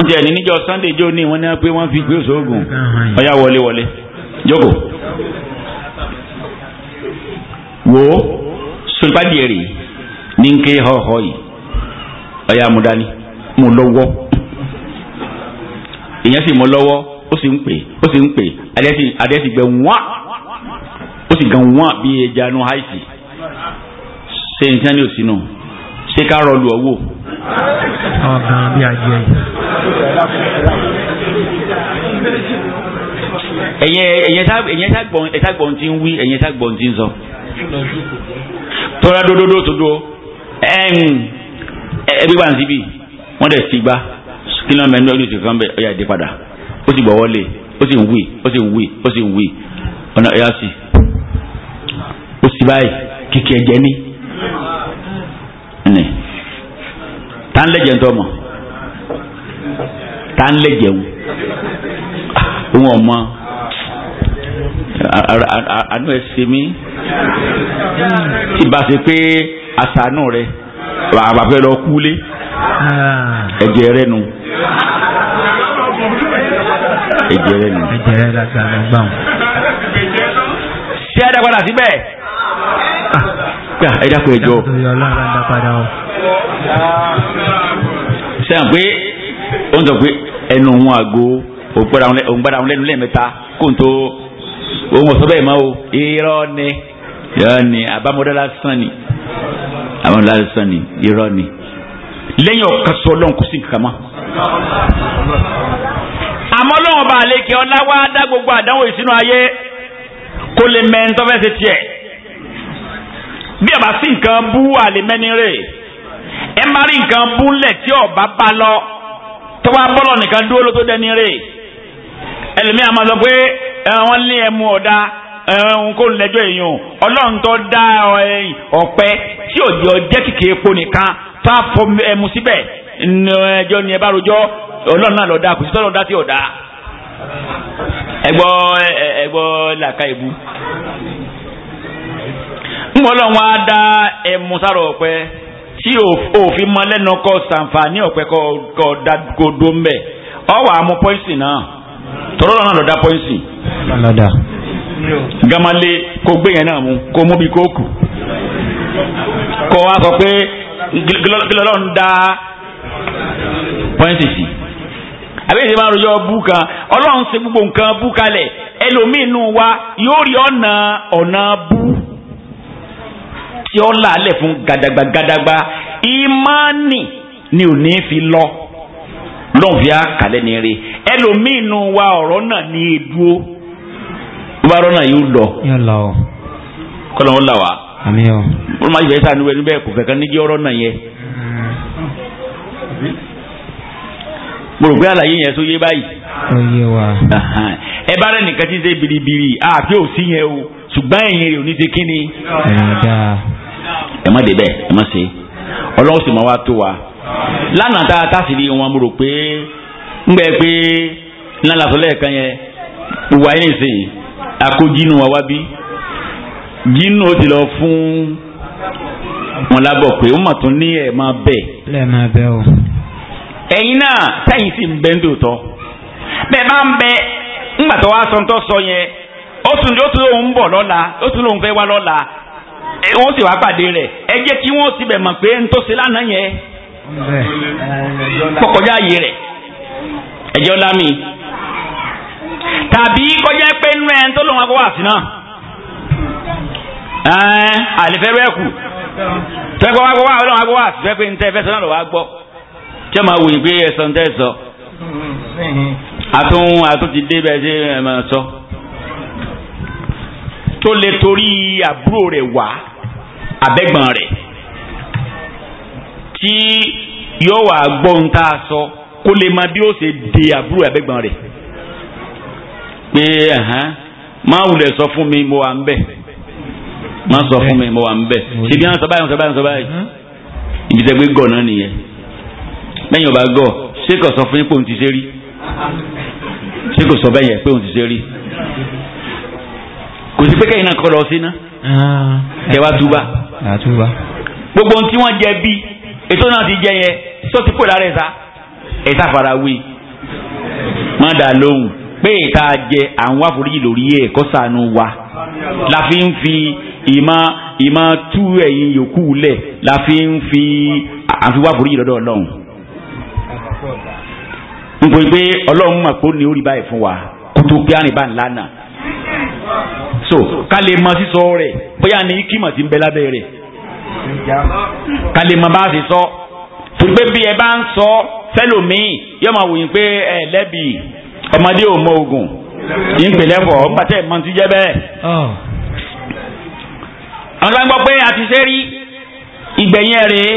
njẹ́ ní níjọ́ Sunday jó ní wọ́n ní pé wọ́n fi gbé oògùn ọ̀yá wọlé wọlé jókòó wo solipadiẹ rè ní nké họ́ọ̀họ́ yìí ọ̀yá mu dání mu lọ́wọ́ èèyàn sì mu lọ́wọ́ ó sì ń pè ó sì ń pè adé ti gbẹ wọ́n ó sì gan wọ́n bí ẹja nu haisi ṣe nǹkan ní òsínú ṣé ká rọlù ọwọ́. ọ̀gá bí ajẹ́ yìí. ẹ̀yẹ ẹ̀yẹ tá ẹ̀yẹ tá gbọ̀n ẹ̀yẹ tá gbọ̀n ti ń wí ẹ̀yẹ tá gbọ̀n ti ń sọ. tọ́lá dódódó tó dó ẹbí wà ní síbí wọ́n dẹ̀ ti gbá kí ló ń bẹ ní ọdún ìṣèkọ́ ń bẹ ọ̀yà ìdí padà ó sì gbọ̀wọ́ lé ó sì ń wí ó sì ń wí ó sì ń wí ọ̀nà ẹ̀yà sí ó sì báyìí kìkì ẹ̀jẹ̀ ní ni tá ń lẹ́jẹ̀ ń tọ́ ah, mọ̀ tá ń lẹ́jẹ̀ ń òun ọ̀mọ́ àánú ẹ ṣe mí tí bá ṣe pé àṣàánú rẹ bàbá fẹ́ lọ kúlé ah. ẹ̀jẹ̀ rẹ nu ẹ̀jẹ̀ rẹ nu. ẹ̀jẹ̀ rẹ la gbàgbọ́ gbàgbọ́. ṣé ẹ dẹ́gbọ́dà síbẹ̀ gbà ẹ dákun ẹ jọ. sẹ́yìn pé ó ń sọ pé ẹnu òun àgọ́ òun gbára òun lẹ́nu lẹ́ẹ̀mẹ́ta kó n tó òun ọ̀sọ́ bẹ́ẹ̀ máa o irọ́ ni irọ́ ni àbámọ́dá lásán ni àbámọ́dá lásán ni irọ́ ni lẹ́yìn ọ̀kasọ̀ ọlọ́run kò sí nǹkan mọ́ àmọ́ lọ́wọ́ bá àlékè ọlá wá dá gbogbo àdánwò ìsínú ayé kó lè mẹ́ńtọ́fẹ́sẹ̀ tiẹ̀ bí ọba sí nǹkan bú àlèmẹ́ni rẹ̀ ẹ má rí nǹkan bú ńlẹ̀ tí ọba bá lọ tó wá bọ́lọ̀ nìkan dúró ló tó dẹni rẹ̀ ẹlòmíà máa sọ pé wọ́n lé ẹmu ọ̀dà ẹ̀hún kó lẹ́jọ́ èèyàn ọlọ́run tó dá ọ̀pẹ tí òjò jẹ́ kìkì epo nìkan tá a fọ ẹmu síbẹ̀ ẹjọ́ ni ẹ bá rojọ́ ọlọ́run náà lọ́ọ́ dá kò sí tọ́lọ́ dá sí ọ̀dà ẹgbọ́ ẹgbọ́ làkà ìbú mọ́lọ́ á dá ẹmu sára ọ̀pẹ tí òfin mọ lẹ́nu kọ́ sàǹfààní ọ̀pẹ kọ́ da godo ọ wà á pọ́ìsì náà tọ́lọ́ náà lọ́ọ́ da pọ́ìsì. gamale kò gbé yẹn náà mú kò mú bí kóòkù kò wá sọ pé gilọ́lọ́ ń da pọ́ìsì sí àbẹ́yẹsẹ máa rojọ́ ọlọ́run ṣe gbogbo nǹkan tí ó làálẹ̀ fún gàdàgbà gàdàgbà ìmánì ni ò ní fi lọ lọ́n fi àkàlẹ́ ní rí ẹlòmíì nu wa ọ̀rọ̀ náà ní edúó bí wàá rọ́ náà yóò lọ kọ́lọ́ ń là wá wọ́n máa yẹ sáà níbẹ̀ níbẹ̀ kò kankan níjẹ́ ọ̀rọ̀ náà yẹ mo rò pé àlàyé yẹn tó yé báyìí. ó yé wa. ẹ bá rẹ nìkan tí ṣe biribiri àti òsì yẹn o ṣùgbọ́n ẹ̀yìn rẹ̀ ò ní ṣe kí ni ẹ má débẹ̀ ẹ má ṣe ọlọ́run sì máa wá tó wa lánàá tá a tá sì rí wọn mo rò pé ń gbẹ pé ńlá làtọ́ lẹ́ẹ̀kan yẹn wà ní ìsìn àkójínú wa wá bí jínú ó ti lọ fún wọn lábọ̀ pé ó mà tún ní ẹ̀ máa bẹ̀. lẹ́ẹ̀ máa bẹ̀ o. ẹ̀yin náà táyì sì ń bẹ ń dòótọ́ bẹ́ẹ̀ bá ń bẹ ńgbà tó wá sọ sọ yẹn ó tún lóun ń bọ̀ lọ́la ó tún lóun fẹ́ wá lọ́la wọ́n sì wá pàdé rẹ̀ ẹ jẹ́ kí wọ́n sì bẹ̀ mọ̀ pé n tó ṣe lánàá yẹn kọkọjá ààyè rẹ̀ ẹ̀jẹ̀ ọ̀la mi tàbí kọjá pé nú ẹ̀ ń tó lọ́wọ́ akọ́wà sí náà ẹ̀ẹ́n àlefẹ́rẹ́ ẹ̀kú tẹ́kọ̀ wá gbọ́ wá ọlọ́run agbọ́ wá sí fẹ́ pé ní tẹ́ fẹ́ sọ náà lọ́wọ́ agbọ́ tí ọmọ wòye pé ẹ̀sán tẹ́ sọ àtún hmm. àtún ti dé bẹ́ẹ̀ ṣe ẹ̀ máa sọ tó lè torí àbúrò rẹ̀ wá abẹ́gbọ̀n rẹ̀ tí yóò wá gbọ́ ohun tá a sọ kó lè mọ bí ó ṣe de àbúrò abẹ́gbọ̀n rẹ̀ pé máa wulẹ̀ sọ fún mi mo wà ń bẹ̀ máa sọ fún mi mo wà ń bẹ̀ ṣèbí àwọn sọ báyìí sọ báyìí sọ báyìí ibi tẹ́ gbé gọ̀ náà nìyẹn lẹ́yìn ọba gọ̀ ṣé kò sọ fún yín pé òun ti ṣe rí ṣé kò sọ bẹ́yẹn pé òun ti ṣe rí kò sí pé kẹ́yìn náà kọ́ lọ sí ná ah. kẹ́ wá túbà gbogbo ohun tí wọ́n jẹ bí ètò náà ti jẹ yẹn tó ti kó lára ẹ̀ sá ẹ̀ sá fara wí má dà lóhùn pé ìta jẹ àwọn àforíjì lórí ẹ̀ kó sànù wa la fi ń fi ìmọ̀ ìmọ̀ tú ẹ̀yìn yòókù lẹ̀ la fi ń fi àfiwá àforíjì lọ́dọ̀ ọlọ́run nítorí pé ọlọ́run mọ̀ pé ó ní orí báyìí fún wa kó pé àrìnbá ńlá náà so ká lè mọ sísọ rẹ̀ bóyá ní kímọ̀ ti ń bẹ lábẹ́ rẹ̀ ká lè mọ bá ti sọ torí pé bí ẹ bá ń sọ fẹlòmíì yóò máa wòye pé ẹ lẹ́bi ọmọdé ò mọ ogun yìí ń pè lẹ́fọ̀ ọgbà tẹ̀ mọ ti jẹ́ bẹ́ẹ̀. Oh. àwọn tó ń gbọ́ pé a ti ṣe rí ìgbẹ̀yìn ẹ̀ rèé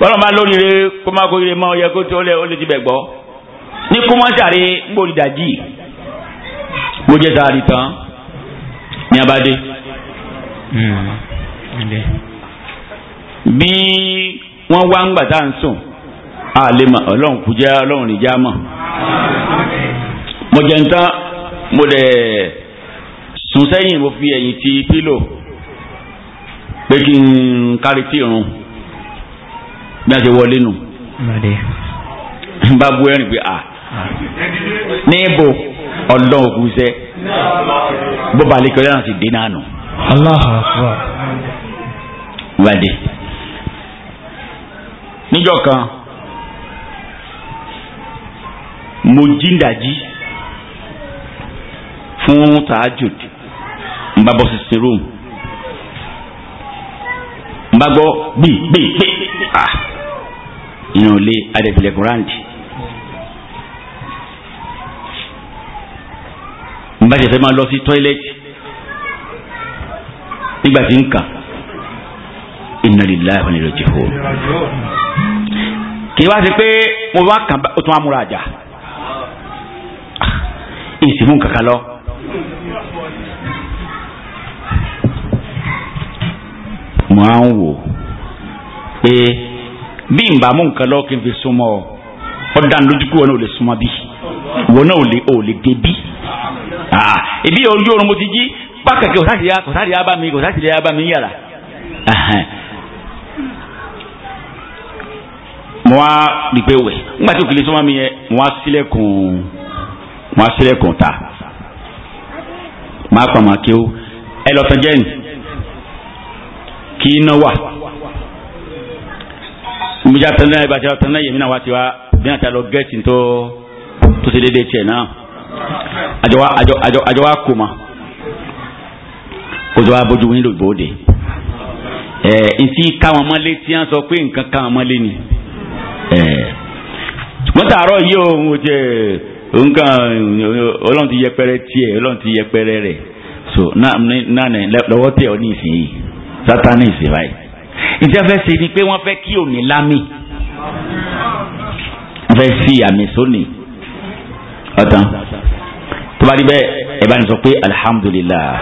bọ́lá máa lórí kó má kó ire mọ́ ọ yẹ kó tó lẹ́ ó lè ti bẹ̀ gbọ́ ní kó mọ́ sàré ń bó jẹ́ tá a rí tán ní abadé. bí wọ́n wá ń gbà tá à ń sùn a lè mọ ọlọ́run kú jẹ́ ọlọ́run lè já mọ̀. mo jẹ́ ń tán mo dẹ̀ sùn sẹ́yìn mo fi ẹ̀yìn ti pílò pé kí n kárí tí irun bí a ṣe wọlé nù. bá bu ẹrin pé a níbo ọlọ́run kù sẹ́ bọ́ba alẹ́ kẹlẹ́ náà ti dín náà nù. wádé níjọ́ kan mo jíǹdàjí fún tahajud n bá bọ́ sí serum n bá gbọ́ gbì gbì gbì ah inú ilé grand. n bá ṣẹ̀ṣẹ̀ máa lọ sí tọ́ílẹ̀tì nígbà tí ń kà inna lillahi wa inna ilaihi raji'un. kì í wá sí pé mo bá kàn ó tún amúra àjà ah, ìsìnkú kankan lọ. mo á ń wò pé bí n bá mú nǹkan lọ kí n fi súnmọ́ ọ ọ dánilójú kúrò náà ò lè súnmọ́ bí wọn náà ò lè dé bí ibi ah, ojú oorun mo ti jí pákàkì kòsáàtì yá bá mi kòsáàtì yá bá mi yàrá. mo wá rí pé wẹ̀ nígbà tí òkèlè sọ́mọ́ mi yẹ mo wá sílẹ̀kùn mo wá sílẹ̀kùn ta máa pàmò kí ó ẹ lọ tán jẹ́ni kí iná wà mo jà tán náà ìbàjẹ́ tán náà yẹ̀mí náà wá ti wá bí wọ́n ti lọ gẹ́ẹ̀tì tó tó ṣe déédéé tiẹ̀ náà. àjọ wa ma kó bójú ẹ ntí káwọn mọ́lé tí sọ pé nǹkan káwọn mọ́lé ni ẹ wọ́n tààrọ̀ yìí o ń jẹ nǹkan ọlọ́run ti yẹpẹrẹ tiẹ̀ ọlọ́run ti yẹpẹrẹ rẹ. so náà lọ́wọ́ tẹ̀ ní ìsìn yìí ni pé wọ́n kí òní lámì wọ́n sí àmì sóni. ọ̀tàn tó bá rí bẹ́ẹ̀ ẹ bá ní sọ pé alihamudulilayi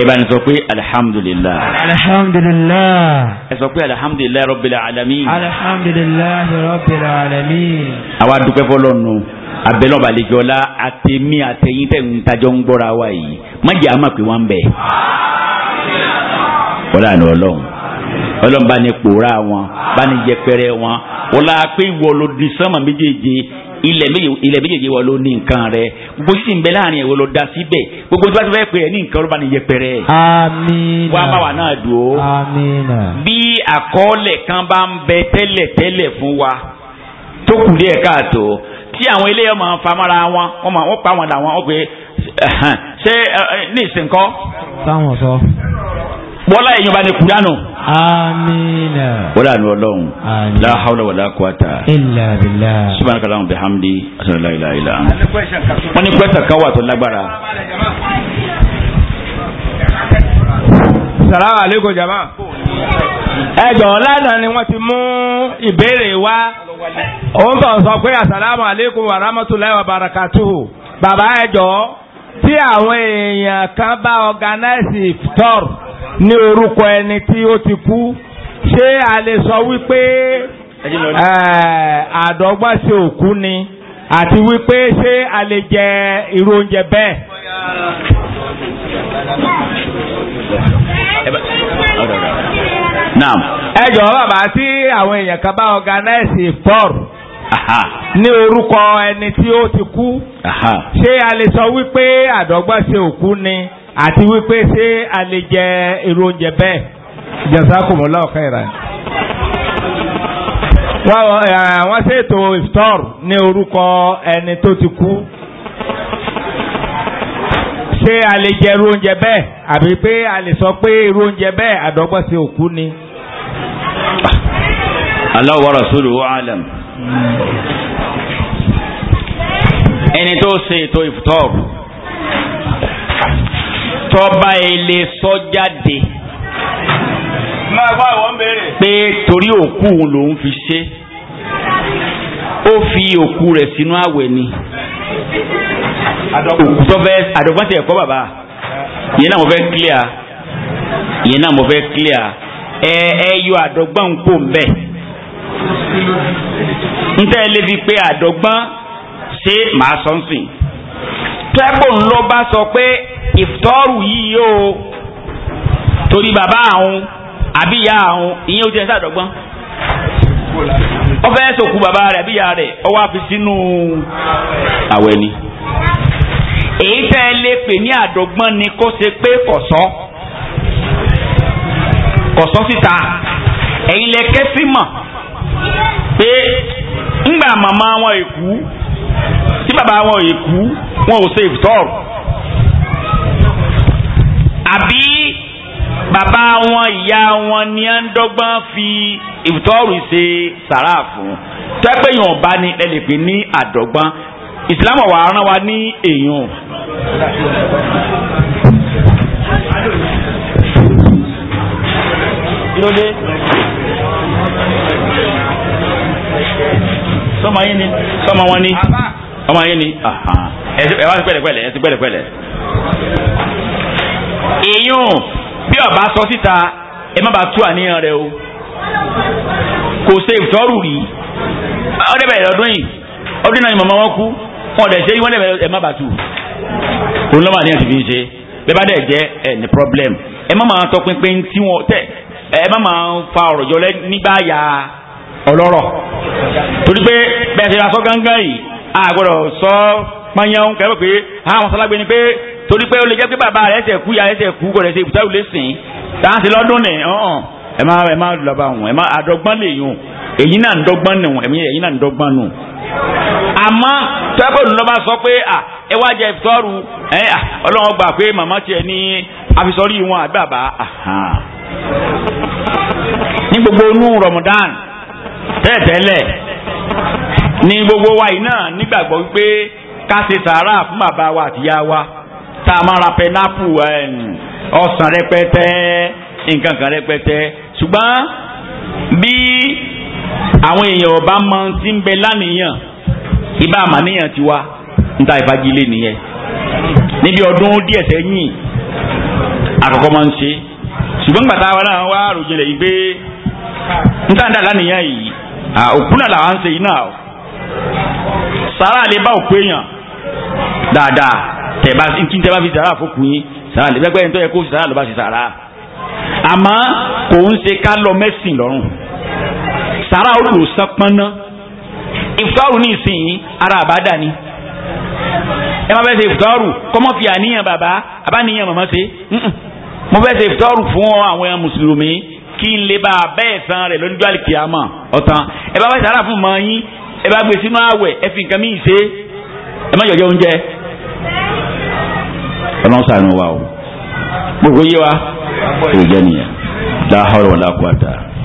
ẹ bá ní sọ pé alihamudulilayi. alihamudulilayi. ẹ sọ pé alihamudulilayi rabbil alamin. alihamudulilayi rabbil alamin. àwa dúpẹ́ fọlọ́ nù abẹ́lẹ́ ọba àlejò ọlá àtẹ̀mí àtẹ̀yìn tẹ̀ ń tajọ́ ń gbọ́ra wa yìí má jẹ́ àmà pé bẹ̀. ọlá ni ọlọ́run ọlọ́run bá ní pòórá wọn bá ní yẹpẹrẹ wọn ọlá pé ìwọ ló méjèèjì ilẹ̀ méjèèjì wọ ló ní nǹkan rẹ gbogbo sísè ń bẹ láàrin ìwọ ló da síbẹ̀ gbogbo tí wọ́n ti fẹ́ pè é ní nǹkan ló yẹpẹrẹ. amiina wọ́n á bá wa náà dùn ó. amiina. bí àkọọ́lẹ̀ kan bá ń bẹ tẹ́lẹ̀ tẹ́lẹ̀ fún wa tó kù díẹ̀ káàtó tí àwọn ilé ọmọ famára wọn wọ́n máa wọ́n pa wọn làwọn pè é ṣé ní ìsìnkọ́. táwọn sọ bọ́lá èèyàn bá ní kúránù. amiina. wọ́n àná ọlọ́run. amiina. la hawla wala quwata. illa billah. subahana kala wọn bẹ hamdi asalala ila ila. wọ́n ní kwẹ́tà kan wà tó lágbára. salamu aleykum jama. ẹjọ lánàá ni wọ́n ti mú ìbéèrè wá. òun kàn sọ pé asalaamu wa rahmatulahi wa barakatuhu. bàbá ẹjọ tí àwọn èèyàn kan bá organize iftar ní orúkọ ẹni tí ó ti kú ṣé a lè sọ wípé eh, àdọ́gbàṣe òkú ni àti wípé ṣé a lè jẹ irú oúnjẹ bẹ́ẹ̀. ẹ jọ̀wọ́ bàbá tí àwọn èèyàn kan bá organize iftar ní orúkọ ẹni tí ó ti kú ṣé a lè sọ wípé àdọ́gbà ṣe òkú ni àti wípé ṣé a lè jẹ irú oúnjẹ bẹ́ẹ̀ jazakumullahu khairan wọ́n ṣètò iftar ní orúkọ ẹni tó ti kú ṣé a lè jẹ irú oúnjẹ bẹ́ẹ̀ àbí pé a lè sọ pé irú oúnjẹ bẹ́ẹ̀ àdọ́gbọ́n ṣe òkú ni. Allahu wa rasuluhu ẹni tó ṣe ètò ìfutọ́ọ̀rù tọ́ba ilé sọ jáde pé torí òkú lòun fi ṣe ó fi òkú rẹ̀ sínú àwẹ̀ ni òkú tó ti ẹ̀kọ́ bàbá yẹn náà mo fẹ́ clear yẹn náà mo fẹ́ clear ẹ ẹ yọ àdọ́gbọ́n kò ń bẹ́ẹ̀ ntẹ́ ẹ lè fi pé àdọ́gbọ́n ṣé màá sọ ń sìn. tẹ́pọ̀ ńlọ bá sọ pé ìtọ́rù yìí o torí bàbá àwọn àbí ìyá àwọn ìyẹn ò tiẹ̀ sàdọ́gbọ́n. ọfẹ́ sòkú bàbá rẹ̀ àbí ìyá rẹ̀ ọwọ́ àfi sínú àwẹ̀ ni. èyí tẹ́ ẹ lè pè ní àdọ́gbọ́n ni kó ṣe pé kọ̀sọ́ kọ̀sọ́ síta ẹ̀yin lẹ kẹ́sí mọ̀ pé ńgbà màmá wọn èkú tí bàbá wọn èkú wọn ò ṣe ìfitọ́rù àbí bàbá wọn ìyá wọn ni à ń dọ́gbọ́n fi ìfitọ́rù ṣe sàrà fún tẹ́pẹ́ yàn ọba ni ẹ ní àdọ́gbọ́n ìsìlámù wà á rán wa ní èèyàn. Kí ló dé? sọmọ yín ni sọmọ wọn ni ọmọ yín ni ẹ wá sí pẹ̀lẹ́pẹ̀lẹ́ ẹ sí pẹ̀lẹ́pẹ̀lẹ́. ìyún bí ọba sọ síta ẹ má bàa tú àníyàn rẹ o kò ṣe ìtọ́rù rí ọdẹ bẹ̀rẹ̀ ọdún yìí ọdún náà ni màmá wọn kú wọn dẹ̀ ṣe wọn dẹ̀ bẹ̀rẹ̀ ẹ má bàa tú òun lọ́wọ́ àníyàn ti fi ń ṣe bẹ́ẹ̀ bá dẹ̀ jẹ́ ẹ ní problem ẹ má máa tọpinpin tí wọn tẹ ẹ má máa fa ọ̀rọ̀ jọ nígbà yà ọlọ́rọ̀ torí pé bẹ́ẹ̀ ṣe ra sọ gángan yìí a gbọ́dọ̀ sọ pányán kẹ́rọ pé àwọn sálágbé ni pé torí pé ó lè jẹ́ pé bàbá rẹ̀ ẹsẹ̀ kú ya ẹsẹ̀ kú gbọ́dọ̀ ṣe ìbùtá ìlú sìn táǹsì lọ́dún ni ẹ má ẹ má lọ bá wọn ẹ má àdọ́gbọ́n lè yùn èyí náà ń dọ́gbọ́n nù ẹ̀mí èyí náà ń dọ́gbọ́n nù. àmọ́ tẹ́kọ̀lù lọ́ba sọ pé à ẹ wá jẹ ìfitọ́rù ẹ ọlọ́run gbà pé màmá tiẹ̀ ní àfisọ́rí wọn àbí bàbá. ní gbogbo inú Ramadan tẹ́ẹ̀tẹ́lẹ̀ ni gbogbo wa yìí náà nígbàgbọ́ wípé ká ṣe sàárà fún bàbá wa àtìyá wa tá a máa ra pẹnápù ọsàn rẹpẹtẹ nǹkan kan rẹpẹtẹ ṣùgbọ́n bí àwọn èèyàn ọba mọ ti ń bẹ lánìyàn ibà àmàníyàn ti wa níta ìfagilé nìyẹn níbi ọdún díẹ̀ sẹ́yìn àkọ́kọ́ máa ń ṣe ṣùgbọ́n gbàtà wa náà wá àròjinlẹ̀ yìí pé níta ń dà lánìyàn a òkú náà làwọn ń ṣe yìí náà sàrà lè bá òkú èèyàn dáadáa tẹ̀bá tí tẹ̀bá fi sàrà fún kùn yín sàrà lè gbẹ́gbẹ́ nítorí kó sàrà ló bá ṣe sàrà àmọ́ kò ń ṣe ká lọ mẹ́sìn lọ́rùn sàrà ó lò sán pọ́nná ìfúláwù ní ìsìn ara àbádà ni ẹ má fẹ́ ṣe ìfúláwù kọ́mọ́ fi àníyàn bàbá àbáníyàn màmá ṣe mo fẹ́ ṣe ìfúláwù fún àwọn mùsùlùmí kí n lè bá a bẹ́ẹ̀ san rẹ̀ lọ́jọ́ àlìkìyàmọ̀ ọ̀tàn ẹ bá wá sàrà fún mọ́ yín ẹ bá gbé sínú àwẹ̀ ẹ fi nǹkan míì ṣe ẹ má yọjọ oúnjẹ ọlọ́run sàánú wa o gbogbo yé wa èròjẹ nìyẹn láhọ́rọ̀ wala quwata.